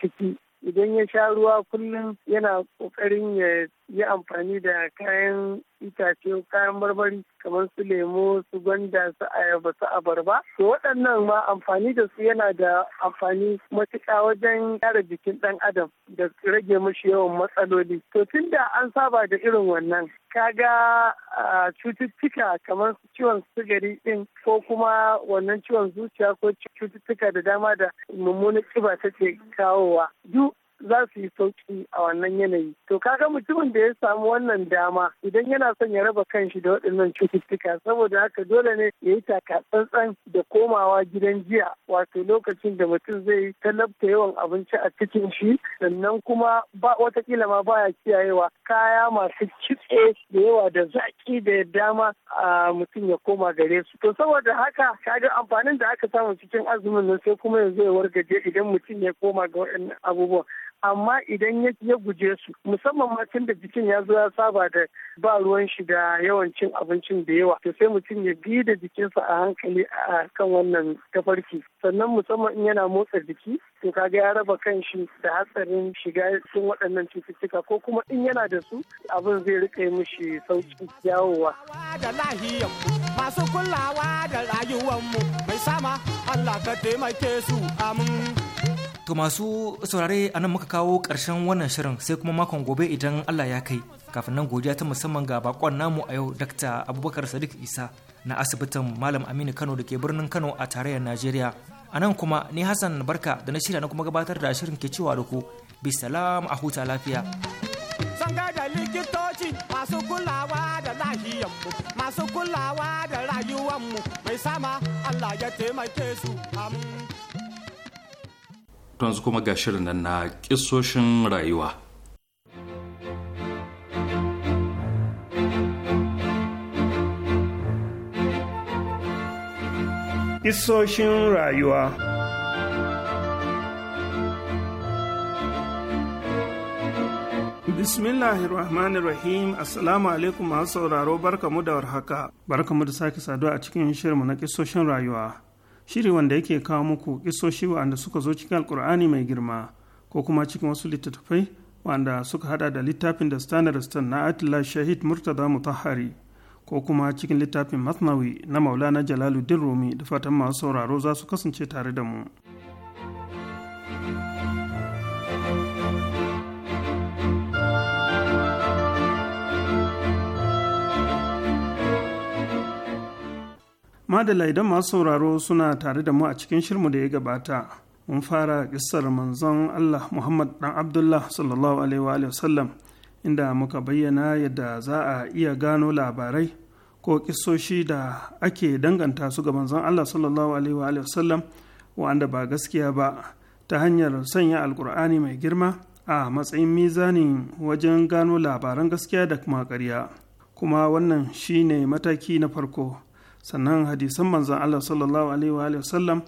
ciki idan ya sha ruwa kullum yana kokarin ya yi amfani da kayan itace kayan marmari kamar su lemo su gwanda su ayaba su abarba to waɗannan ma amfani da su yana da amfani matuƙa wajen gyara jikin ɗan adam da rage mashi yawan matsaloli to tunda an saba da irin wannan kaga cututtuka kamar ciwon sigari ɗin, ko kuma wannan ciwon zuciya ko cututtuka da dama da mummunan ƙiba take kawowa duk za su yi sauki a wannan yanayi to kaga mutumin da ya samu wannan dama idan yana son ya raba kan shi da waɗannan cututtuka saboda haka dole ne ya yi taka tsantsan da komawa gidan jiya wato lokacin da mutum zai talabta yawan abinci a cikin shi sannan kuma ba watakila ma baya kiyayewa kaya masu kitse da yawa da zaki da dama a mutum ya koma gare su to saboda haka kaga amfanin da aka samu cikin azumin nan sai kuma yanzu ya wargaje idan mutum ya koma ga waɗannan abubuwan amma idan ya guje su musamman ma tun da jikin ya zo ya saba da ba ruwan shi da yawan abincin da yawa to sai mutum ya bi da jikinsa a hankali a kan wannan tafarki sannan musamman in yana motsa jiki to kaga ya raba kan shi da hatsarin shiga cikin waɗannan cututtuka ko kuma in yana da su abin zai rika mishi sauki yawowa masu kulawa da mu mai sama Allah ka taimake su amin To masu saurare a nan muka kawo ƙarshen wannan shirin sai kuma makon gobe idan Allah ya kai. Kafin nan godiya ta musamman ga bakon namu a yau Dr. Abubakar Sadiq Isa na asibitin Malam Aminu Kano da ke birnin Kano a tarayyar Najeriya. A nan kuma ni Hassan Barka da na shirya na kuma gabatar da shirin ke cewa da ku bi salam a huta lafiya. Sanga da likitoci masu kulawa da lahiyanmu masu kulawa da mai sama Allah ya taimake su. to yanzu kuma ga shirin nan na kisoshin rayuwa Isoshin rayuwa Bismillahirrahmanirrahim Assalamu alaikum masu sauraro barkamu da warhaka barkamu da sake saduwa a cikin shirinmu na kisoshin rayuwa shiri wanda yake kawo muku kisoshi wa'anda suka zo cikin alkur'ani mai girma ko kuma cikin wasu littattafai wanda suka hada da littafin da standard stan na atila shahid murtada mutahari ko kuma cikin littafin masnawi na maulana jalaluddin rumi da fatan masu sauraro za su kasance tare da mu. madalla laidan masu sauraro suna tare da mu a cikin shirmu da ya gabata mun fara kissar manzon Allah Muhammad dan Abdullah sallallahu alaihi wa sallam inda muka bayyana yadda za a iya gano labarai ko kissoshi da ake danganta su ga manzon Allah sallallahu alaihi wa sallam wa'anda ba gaskiya ba ta hanyar sanya alkur'ani mai girma a matsayin mizanin wajen gano labaran gaskiya da kuma kuma wannan shine mataki na farko sannan hadisan manzan Allah sallallahu alaihi wa sallam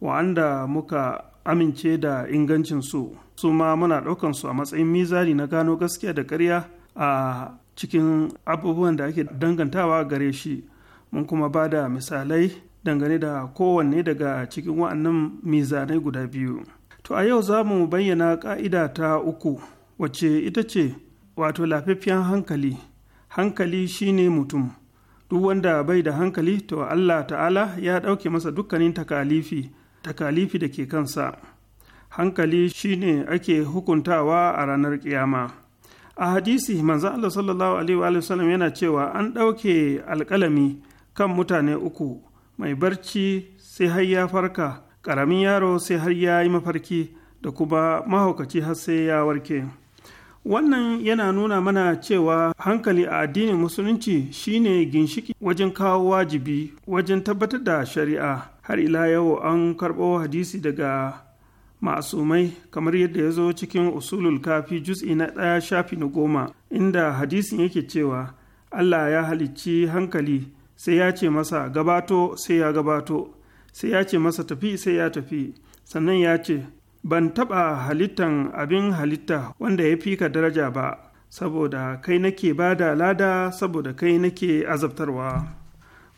wa'anda muka amince da ingancin su su ma muna ɗaukan su a matsayin mizani na gano gaskiya da karya a cikin abubuwan da ake dangantawa gare shi mun kuma ba da misalai dangane da kowanne daga cikin wa'annan mizanai guda biyu to a yau za mu bayyana ƙa'ida ta uku wacce ita ce wato lafafiyan hankali hankali shine mutum duk wanda bai da hankali to Allah ta'ala ya ɗauke masa dukkanin takalifi takalifi da ke kansa hankali shine ake hukuntawa a ranar kiyama a hadisi manzo Allah sallallahu alaihi wa sallam yana cewa an ɗauke alƙalami kan mutane uku mai barci sai har ya farka ƙaramin yaro sai har ya yi mafarki da kuma mahaukaci har sai ya warke. wannan yana nuna mana cewa hankali a addinin musulunci shine ginshiki wajen kawo wajibi wajen tabbatar da shari'a har ila yau an karɓo hadisi daga ma'asumai kamar yadda ya zo cikin usulul kafi juz'i na ɗaya shafi na goma inda hadisin yake cewa allah ya halicci hankali sai ya ce masa gabato sai ya gabato sai ya ce masa tafi sai ya tafi sannan ya ce ban taɓa halittan abin halitta wanda ya fi ka daraja ba saboda kai nake ba da lada saboda kai nake azabtarwa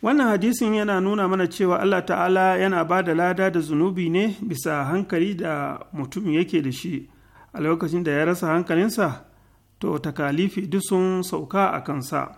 wannan hadisin yana nuna mana cewa allah ta'ala yana ba da lada da zunubi ne bisa hankali da mutum yake da shi a lokacin da ya rasa hankalinsa to takalifi duk sun sauka a kansa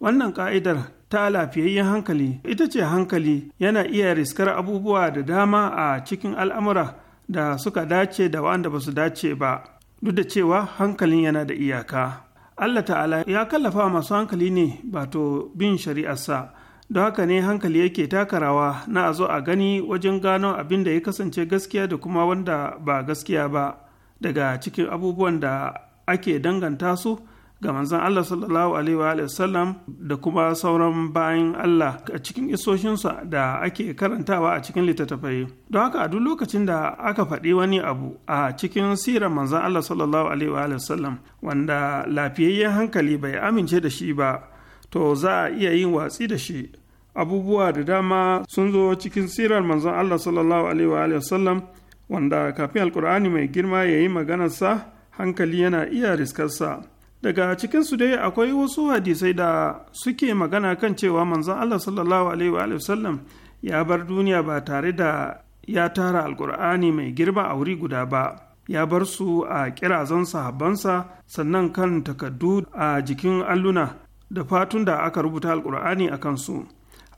wannan ka'idar ta lafiyayyen hankali ita ce hankali yana iya riskar abubuwa da dama a cikin al'amura da suka dace da wanda ba su dace ba duk da cewa hankalin yana da iyaka Allah ta'ala ya kallafa masu hankali ne bato bin shari'arsa don haka ne hankali yake taka rawa na a zo a gani wajen gano abin da ya kasance gaskiya da kuma wanda ba gaskiya ba daga cikin abubuwan da ake danganta su ga manzon Allah sallallahu alaihi wa sallam da kuma sauran bayan Allah a cikin isoshinsa da ake karantawa a cikin littattafai don haka a duk lokacin da aka faɗi wani abu a cikin sirar manzon Allah sallallahu alaihi wa sallam wanda lafiyayyen hankali bai amince da shi ba to za a iya yin watsi da shi abubuwa da dama sun zo cikin sirar manzon Allah sallallahu alaihi wa sallam wanda kafin alkur'ani mai girma ya yi maganarsa hankali yana iya riskarsa daga cikinsu dai akwai wasu hadisai da suke magana kan cewa manzon Allah sallallahu alaihi wa sallam ya bar duniya ba tare da ya tara alkur'ani mai girba a wuri guda ba ya bar su a kirazon sahabbansa sannan kan takaddu a jikin alluna da fatun da aka rubuta alkur'ani a kansu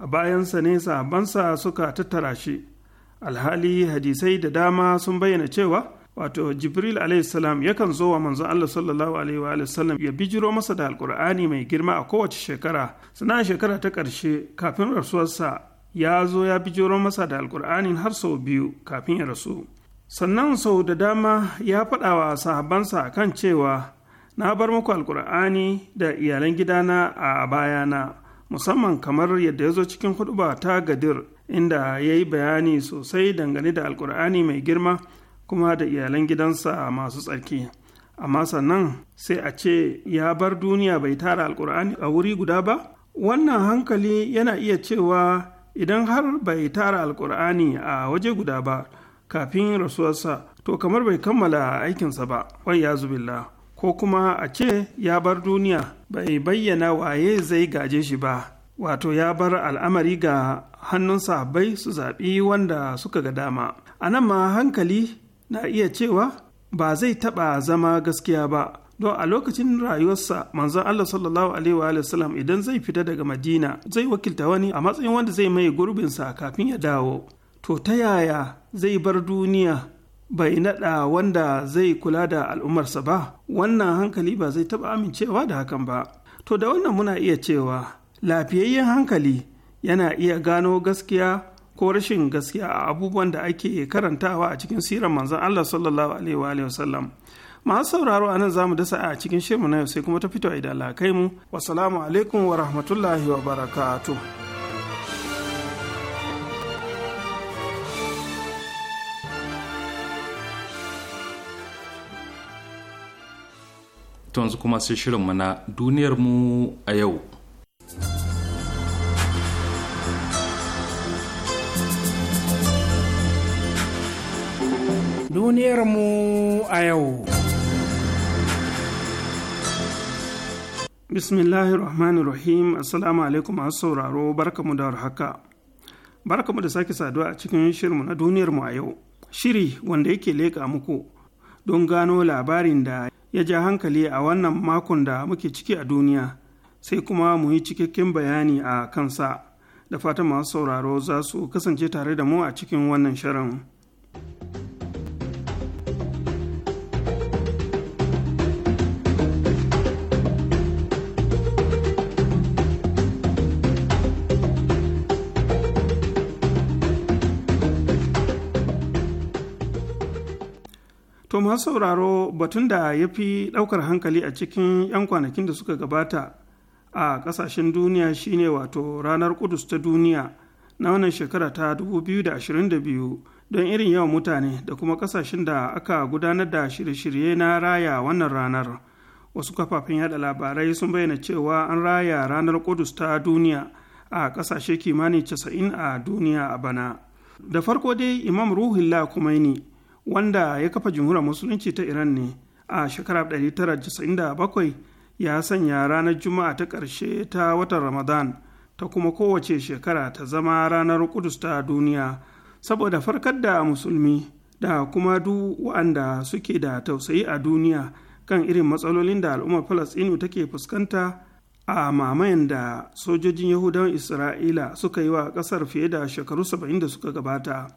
a bayansa ne sahabbansa suka tattara shi alhali hadisai da dama sun bayyana cewa wato jibril alaihissalam yakan zo wa manzon allah sallallahu alaihi wa sallam ya bijiro masa da alkur'ani mai girma a kowace shekara suna shekara ta ƙarshe kafin rasuwarsa ya zo ya bijiro masa da Alkur'ani har sau biyu kafin ya rasu sannan sau da dama ya faɗa wa sahabbansa kan cewa na bar muku alkur'ani da iyalan gidana a bayana musamman kamar yadda ya zo cikin hudu ta gadir inda ya yi bayani sosai dangane da alkur'ani mai girma kuma da iyalan gidansa masu tsarki amma sannan sai a ce ya bar duniya bai tara alkur'ani a wuri guda ba wannan hankali yana iya cewa idan har bai tara alkur'ani a waje guda ba kafin rasuwarsa to kamar bai kammala aikinsa ba wai ya zubilla ko kuma a ce ya bar duniya bai bayyana waye zai gaje shi ba wato ya bar al'amari ga hannun sahabbai su zaɓi wanda suka ga dama a nan ma hankali na iya cewa ba zai taɓa zama gaskiya ba don a lokacin rayuwarsa manzon Allah sallallahu alaihi wa idan zai fita daga Madina zai wakilta wani a matsayin wanda zai mai gurbinsa kafin ya dawo to ta yaya zai bar duniya bai naɗa wanda zai kula da al'ummarsa ba wannan hankali ba zai taɓa amincewa da hakan ba to da wannan muna iya cewa lafiyayyen hankali yana iya gano gaskiya ko rashin gaskiya a abubuwan da ake karantawa a cikin sirar manzon Allah sallallahu alaihi wa sallam masu sauraro a nan zamu dasa a cikin shirmu na yau sai kuma ta fito idan Allah kai mu wasalamu alaikum wa rahmatullahi wa barakatuh yanzu kuma sai shirinmu na duniyarmu a yau. duniyarmu a yau. rahmanir rahim, Assalamu alaikum masu sauraro barkamu da warhaka. Barkamu da sake saduwa a cikin shirinmu na duniyarmu a yau. Shiri wanda yake leƙa muku don gano labarin da ya ja hankali a wannan makon da muke ciki a duniya sai kuma mu yi cikakken bayani a kansa da fata masu sauraro za su kasance tare da mu a cikin wannan shirin. To masu sauraro batun da ya fi ɗaukar hankali a cikin 'yan kwanakin da suka gabata a ƙasashen duniya shine wato ranar Kudus ta duniya na wannan shekara ta 2022 don irin yawan mutane da kuma ƙasashen da aka gudanar da shirye-shirye na raya wannan ranar. Wasu kafafen yada labarai sun bayyana cewa an raya ranar Kudus ta duniya a ƙasashe kimanin 90 a duniya a bana. Da farko dai Imam Ruhullah Kumaini. wanda ya kafa jamhuriyar musulunci ta iran ne a shekarar 1997 ya sanya ranar juma'a ta ƙarshe ta watan ramadan ta kuma kowace shekara ta zama ranar kudus ta duniya saboda farkar da musulmi da kuma duk wa'anda suke da tausayi a duniya kan irin matsalolin da al'ummar falasinu take fuskanta a mamayen da sojojin yahudawan isra'ila suka yi wa ƙasar fiye da shekaru 70 da suka gabata.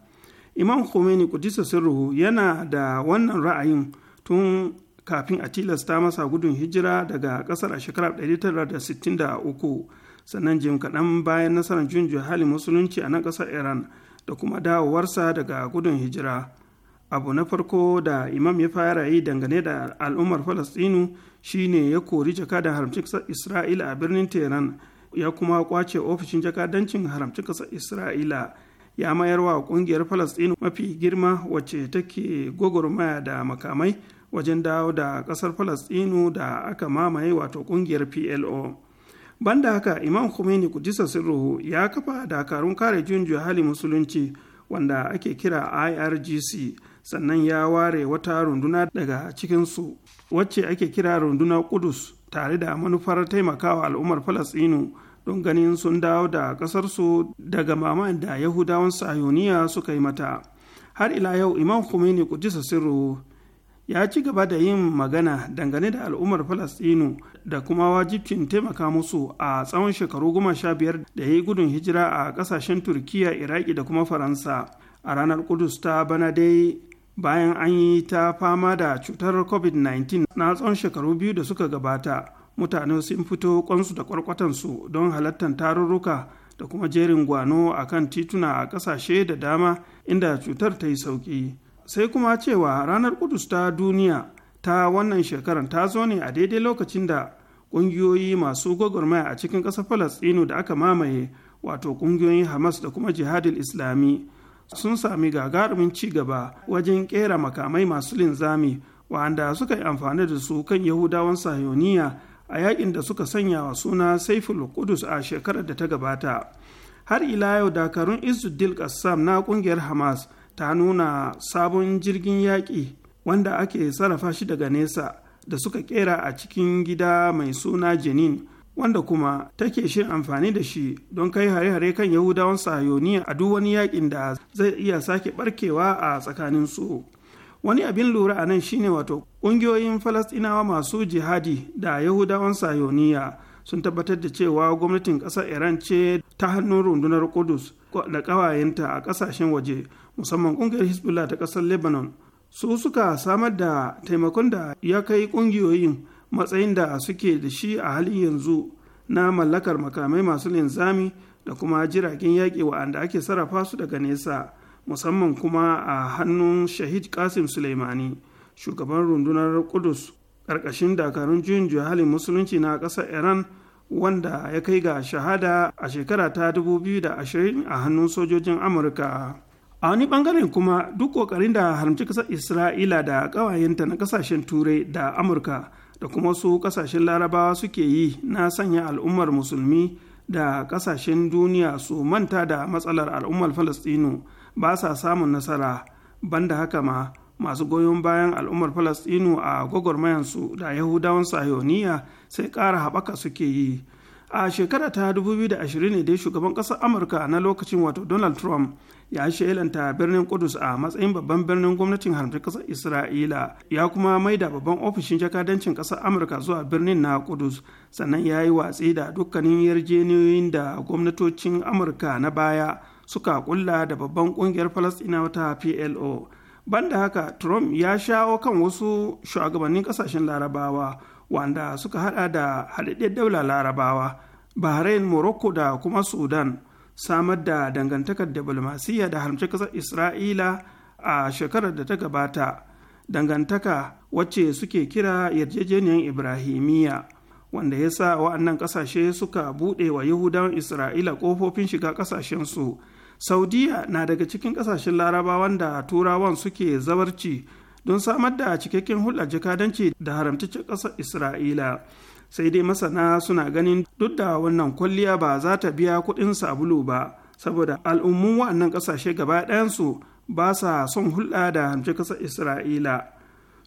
imam khomeini kudisa sirruhu yana da wannan ra'ayin tun kafin a tilasta masa gudun hijira daga kasar a shekarar 1963 sannan jim kaɗan bayan nasarar junjiyar halin musulunci a nan ƙasar iran da kuma dawowarsa daga gudun hijira abu na farko da imam ya fara yi dangane da al'ummar falastinu shine ya kori jakadan haramcin ƙasar isra'ila a birnin tehran ya kuma kwace ofishin jakadancin haramcin ƙasar isra'ila ya mayar wa kungiyar Falasɗinu mafi girma wacce take gwagwarmaya da makamai wajen dawo da ƙasar Falasɗinu da aka mamaye wato kungiyar PLO. Banda haka Imam Khomeini Kudisa Sirruhu ya kafa dakarun kare juyin hali musulunci wanda ake kira IRGC sannan ya ware wata runduna daga cikinsu wacce ake kira rundunar Kudus tare da manufar taimakawa al'ummar Falasɗinu don ganin sun dawo da ƙasarsu daga mama da yahudawan sayoniya suka yi mata har ila yau imam khomeini kudisa sirru ya ci gaba da yin magana dangane da al'ummar falastinu da kuma wajibcin taimaka musu a tsawon shekaru goma sha biyar da ya yi gudun hijira a ƙasashen turkiya iraki da kuma faransa a ranar kudus ta bana dai bayan an yi ta fama da cutar covid-19 na tsawon shekaru biyu da suka gabata mutane sun fito kwansu da kwarkwatansu don halartar tarurruka da kuma jerin gwano a kan tituna a ƙasashe da dama inda cutar ta yi sauƙi sai kuma cewa ranar kudus ta duniya ta wannan shekarar ta zo ne a daidai lokacin da ƙungiyoyi masu gwagwarmaya a cikin ƙasar falastinu da aka mamaye wato ƙungiyoyin hamas da kuma Jihadin islami sun sami gagarumin ci gaba wajen ƙera makamai masu linzami wa'anda suka yi amfani da su kan yahudawan sahiyoniya a yakin da suka sanya wa suna saiful kudus a shekarar da ta gabata har ila yau dakarun izuddil kassam na kungiyar hamas ta nuna sabon jirgin yaƙi wanda ake sarrafa shi daga nesa da suka kera a cikin gida mai suna jenin wanda kuma take shi amfani da shi don kai hare-hare kan yahudawan sayoni a duk wani yakin da zai iya sake barkewa a tsakanin su wani abin lura a nan shine wato ƙungiyoyin falastinawa masu jihadi da yahudawan sayoniya sun tabbatar da cewa gwamnatin ƙasar iran ce ta hannun rundunar kudus da ƙawayenta a ƙasashen waje musamman ƙungiyar hezbollah ta ƙasar lebanon su suka samar da taimakon da ya kai ƙungiyoyin matsayin da suke da shi a halin yanzu na mallakar makamai masu linzami da kuma jiragen yaƙi wa'anda ake sarrafa su daga nesa musamman kuma a hannun shahid kasim suleimani shugaban rundunar kudus ƙarƙashin dakarun juyin halin musulunci na ƙasar iran wanda ya kai ga shahada a shekara ta 2020 a hannun sojojin amurka a wani bangaren kuma duk kokarin da haramci kasar isra'ila da ƙawayenta na ƙasashen turai da amurka da kuma su ƙasashen larabawa suke yi na sanya al'ummar musulmi da ƙasashen duniya su manta da matsalar al'ummar falastinu ba sa samun nasara banda haka ma masu goyon bayan al'ummar falastinu a gwagwarmayansu da yahudawan sayoniya sai ƙara haɓaka suke yi a shekara ta 2020 ne dai shugaban ƙasar amurka na lokacin wato donald trump ya shelanta birnin kudus a matsayin babban birnin gwamnatin haramta ƙasar isra'ila ya kuma mai da babban ofishin jakadancin ƙasar amurka zuwa birnin na kudus sannan ya yi watsi da dukkanin yarjejeniyoyin da gwamnatocin amurka na baya suka kulla da babban kungiyar falasɗinawa wata plo banda haka trump ya shawo kan wasu shugabannin kasashen larabawa wanda suka hada da hadaddiyar daula larabawa bahrain morocco da kuma sudan samar da dangantakar diplomasiyya da haramci kasar isra'ila a shekarar da ta gabata dangantaka wacce suke kira yarjejeniyar ibrahimiyya wanda ya sa wa'annan kasashe suka buɗe wa yahudawan isra'ila ƙofofin shiga ƙasashensu saudiya na daga cikin kasashen laraba wanda turawan suke zabarci don samar da cikakken hulɗar jakadanci da haramtaccen ƙasar isra'ila sai dai masana suna ganin duk da wannan kwalliya ba za ta biya kuɗin sabulu ba saboda al'ummun wa'annan ƙasashe gaba ɗayansu ba sa son hulɗa da haramci ƙasar isra'ila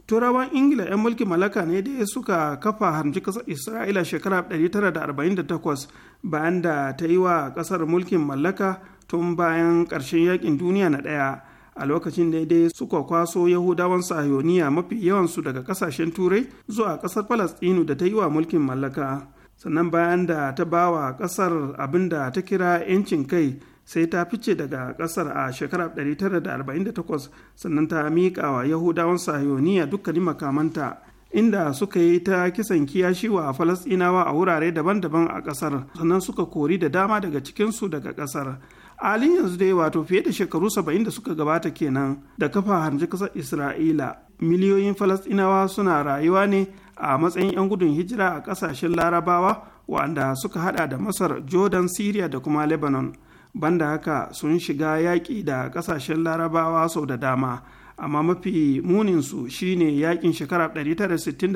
turawan ingila 'yan mulkin malaka ne da suka kafa harmci kasar isra'ila shekara 1948 bayan da ta yi wa ƙasar mulkin mallaka tun bayan ƙarshen yakin duniya na ɗaya a lokacin da dai suka kwaso yahudawan sahiyoniya mafi yawansu daga ƙasashen turai zuwa ƙasar falastinu da ta yi wa mulkin mallaka sannan bayan da ta ba wa ƙasar abin da ta kira 'yancin kai sai ta fice daga ƙasar a shekarar 1948 sannan ta miƙa wa yahudawan sahiyoniya dukkanin makamanta inda suka yi ta kisan kiyashi wa falasɗinawa a wurare daban-daban a ƙasar sannan suka kori da dama daga cikinsu daga ƙasar halin yanzu dai wato fiye da shekaru saba'in da suka gabata kenan da kafa harji kasar isra'ila miliyoyin falastinawa suna rayuwa ne a matsayin 'yan gudun hijira a kasashen larabawa wanda suka hada da masar jordan syria da kuma lebanon banda haka sun shiga yaƙi da kasashen larabawa sau da dama amma mafi muninsu shine yaƙin shekarar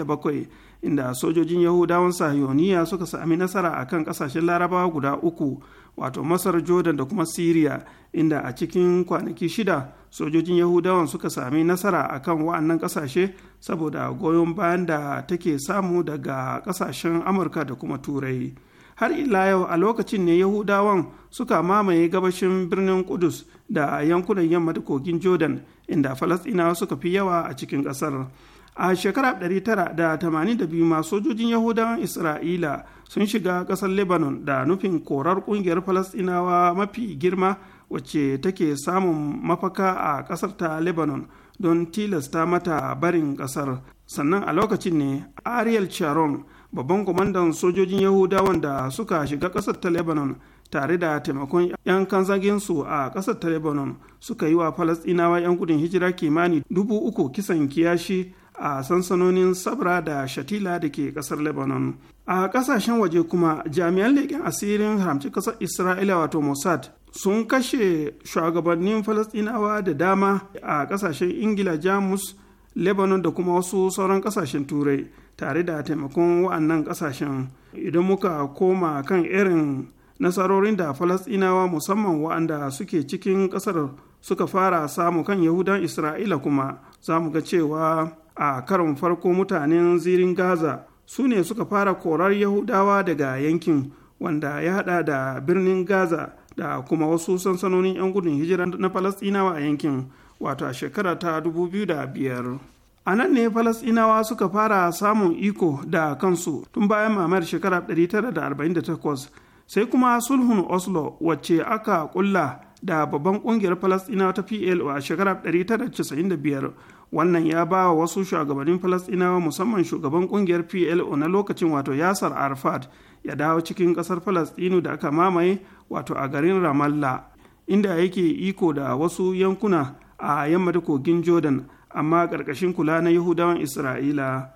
bakwai. inda sojojin yahudawan sahiyoniya suka sami nasara a kan ƙasashen larabawa guda uku wato masar jordan da kuma syria inda a cikin kwanaki shida sojojin yahudawan suka sami nasara a kan wa'annan ƙasashe saboda goyon bayan da take samu daga ƙasashen amurka da kuma turai har ila yau a lokacin ne yahudawan suka mamaye gabashin birnin kudus da yankunan yamma da kogin jordan inda falasɗinawa suka fi yawa a cikin ƙasar a shekarar 982 ma sojojin yahudawan isra'ila sun shiga kasar lebanon da nufin korar kungiyar falastinawa mafi girma wacce take samun mafaka a ƙasar ta lebanon don tilasta mata barin kasar sannan a lokacin ne ariel sharon babban kwamandan sojojin yahudawan da suka shiga kasar ta lebanon tare da taimakon 'yan kanzaginsu a kasar ta lebanon suka yi wa falastinawa 'yan gudun hijira kimani dubu uku kisan kiyashi a sansanonin sabra da shatila da ke kasar lebanon a kasashen waje kuma jami'an leƙen asirin haramci kasar isra'ila wato mossad sun kashe shugabannin falastinawa da dama a kasashen ingila jamus lebanon da kuma wasu sauran kasashen turai tare da taimakon wa'annan kasashen idan muka koma kan irin nasarorin da falastinawa musamman wa'anda suke cikin kasar suka fara samu kan yahudan isra'ila kuma za mu ga cewa a karon farko mutanen zirin gaza su ne suka fara korar yahudawa daga yankin wanda ya hada da birnin gaza da kuma wasu sansanonin 'yan gudun hijira na falasɗinawa a yankin wato a shekara ta 2005 a nan ne falasɗinawa suka fara samun iko da kansu tun bayan mamayar shekara 1948 sai kuma sulhun oslo wacce aka kulla da babban kungiyar falasɗinawa ta plo a shekara 1995 wannan ya ba wa wasu shugabannin falasɗinawa musamman shugaban ƙungiyar plo na lokacin wato yasar arfad ya dawo cikin ƙasar falasɗinu da aka mamaye wato a garin ramallah inda yake iko da wasu yankuna a yamma da kogin jordan amma ƙarƙashin kula na yahudawan isra'ila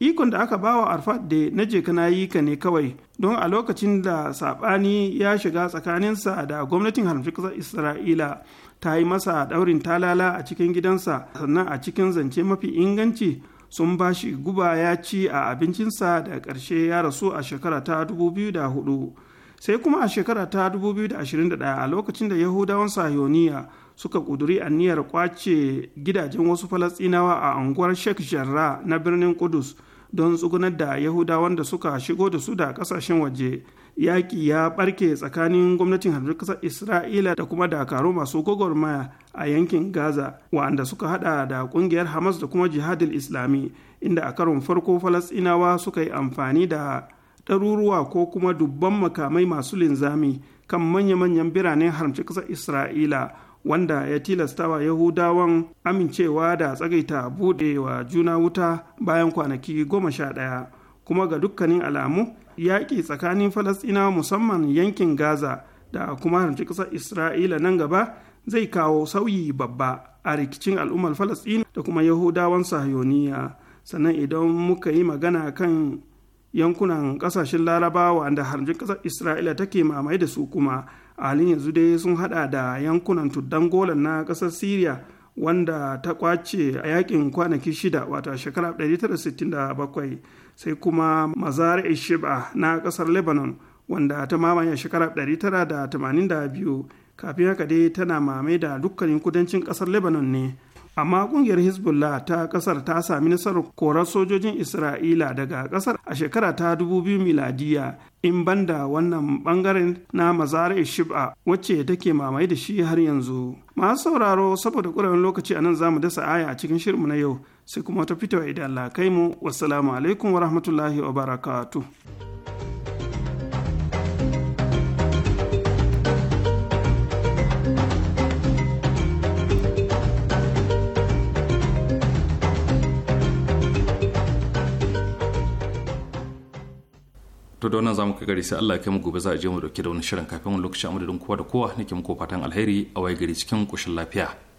ikon da aka bawa arfad da na je kana yi ka ne kawai don a lokacin da saɓani ya shiga tsakaninsa da gwamnatin harfikar isra'ila ta yi masa daurin talala a cikin gidansa sannan a cikin zance mafi inganci sun ba shi guba ya ci a abincinsa da ƙarshe ya rasu a shekara ta 2004 sai kuma a shekara ta 2021 a lokacin da yahudawan sayoniya suka ƙuduri aniyar kwace gidajen wasu falasinawa a unguwar sheikh jarrah na birnin kudus don tsugunar da yahudawan da suka shigo da su da kasashen waje yaƙi ya barke tsakanin gwamnatin harbin ƙasar isra'ila da kuma dakaru masu gwagwarmaya a yankin gaza wa'anda suka hada da ƙungiyar hamas da kuma jihadin islami inda a karon farko falasinawa suka yi amfani da ɗaruruwa ko kuma dubban makamai masu linzami kan manya-manyan biranen haramci ƙasar isra'ila wanda ya tilastawa yahudawan amincewa da tsagaita buɗe wa juna wuta bayan kwanaki goma sha ɗaya kuma ga dukkanin alamu yaƙi tsakanin falasɗinawa musamman yankin gaza da kuma harci ƙasar isra'ila nan gaba zai kawo sauyi babba a rikicin al'ummar falasɗin da kuma yahudawan sahiyoniya sannan idan muka yi magana kan yankunan ƙasashen larabawa da harjin ƙasar isra'ila take mamaye da su kuma a halin yanzu dai sun hada da yankunan tuddan golan na kasar syria wanda ta kwace a yakin kwanaki shida wata shekara 1967 sai kuma mazar e shiba na kasar lebanon wanda ta mamaye shekara 1982 kafin haka dai tana mame da dukkanin kudancin kasar lebanon ne amma kungiyar hezbollah ta kasar ta sami nasarar korar sojojin isra'ila daga kasar a shekara ta dubu biyu miladiya in banda wannan bangaren na mazara shib'a wacce take mamaye da shi har yanzu masu sauraro saboda ƙuraren lokaci a nan zamu dasa aya a cikin shirinmu na yau sai kuma ta fito idan Allah kai mu wassalamu alaikum wa rahmatullahi wa barakatu to da wannan zamu kai gari sai Allah ya kai mu gobe za a je mu dauke da wani shirin kafin wani lokaci amadadin kowa da kowa nake muku fatan alheri a waye gari cikin kushin lafiya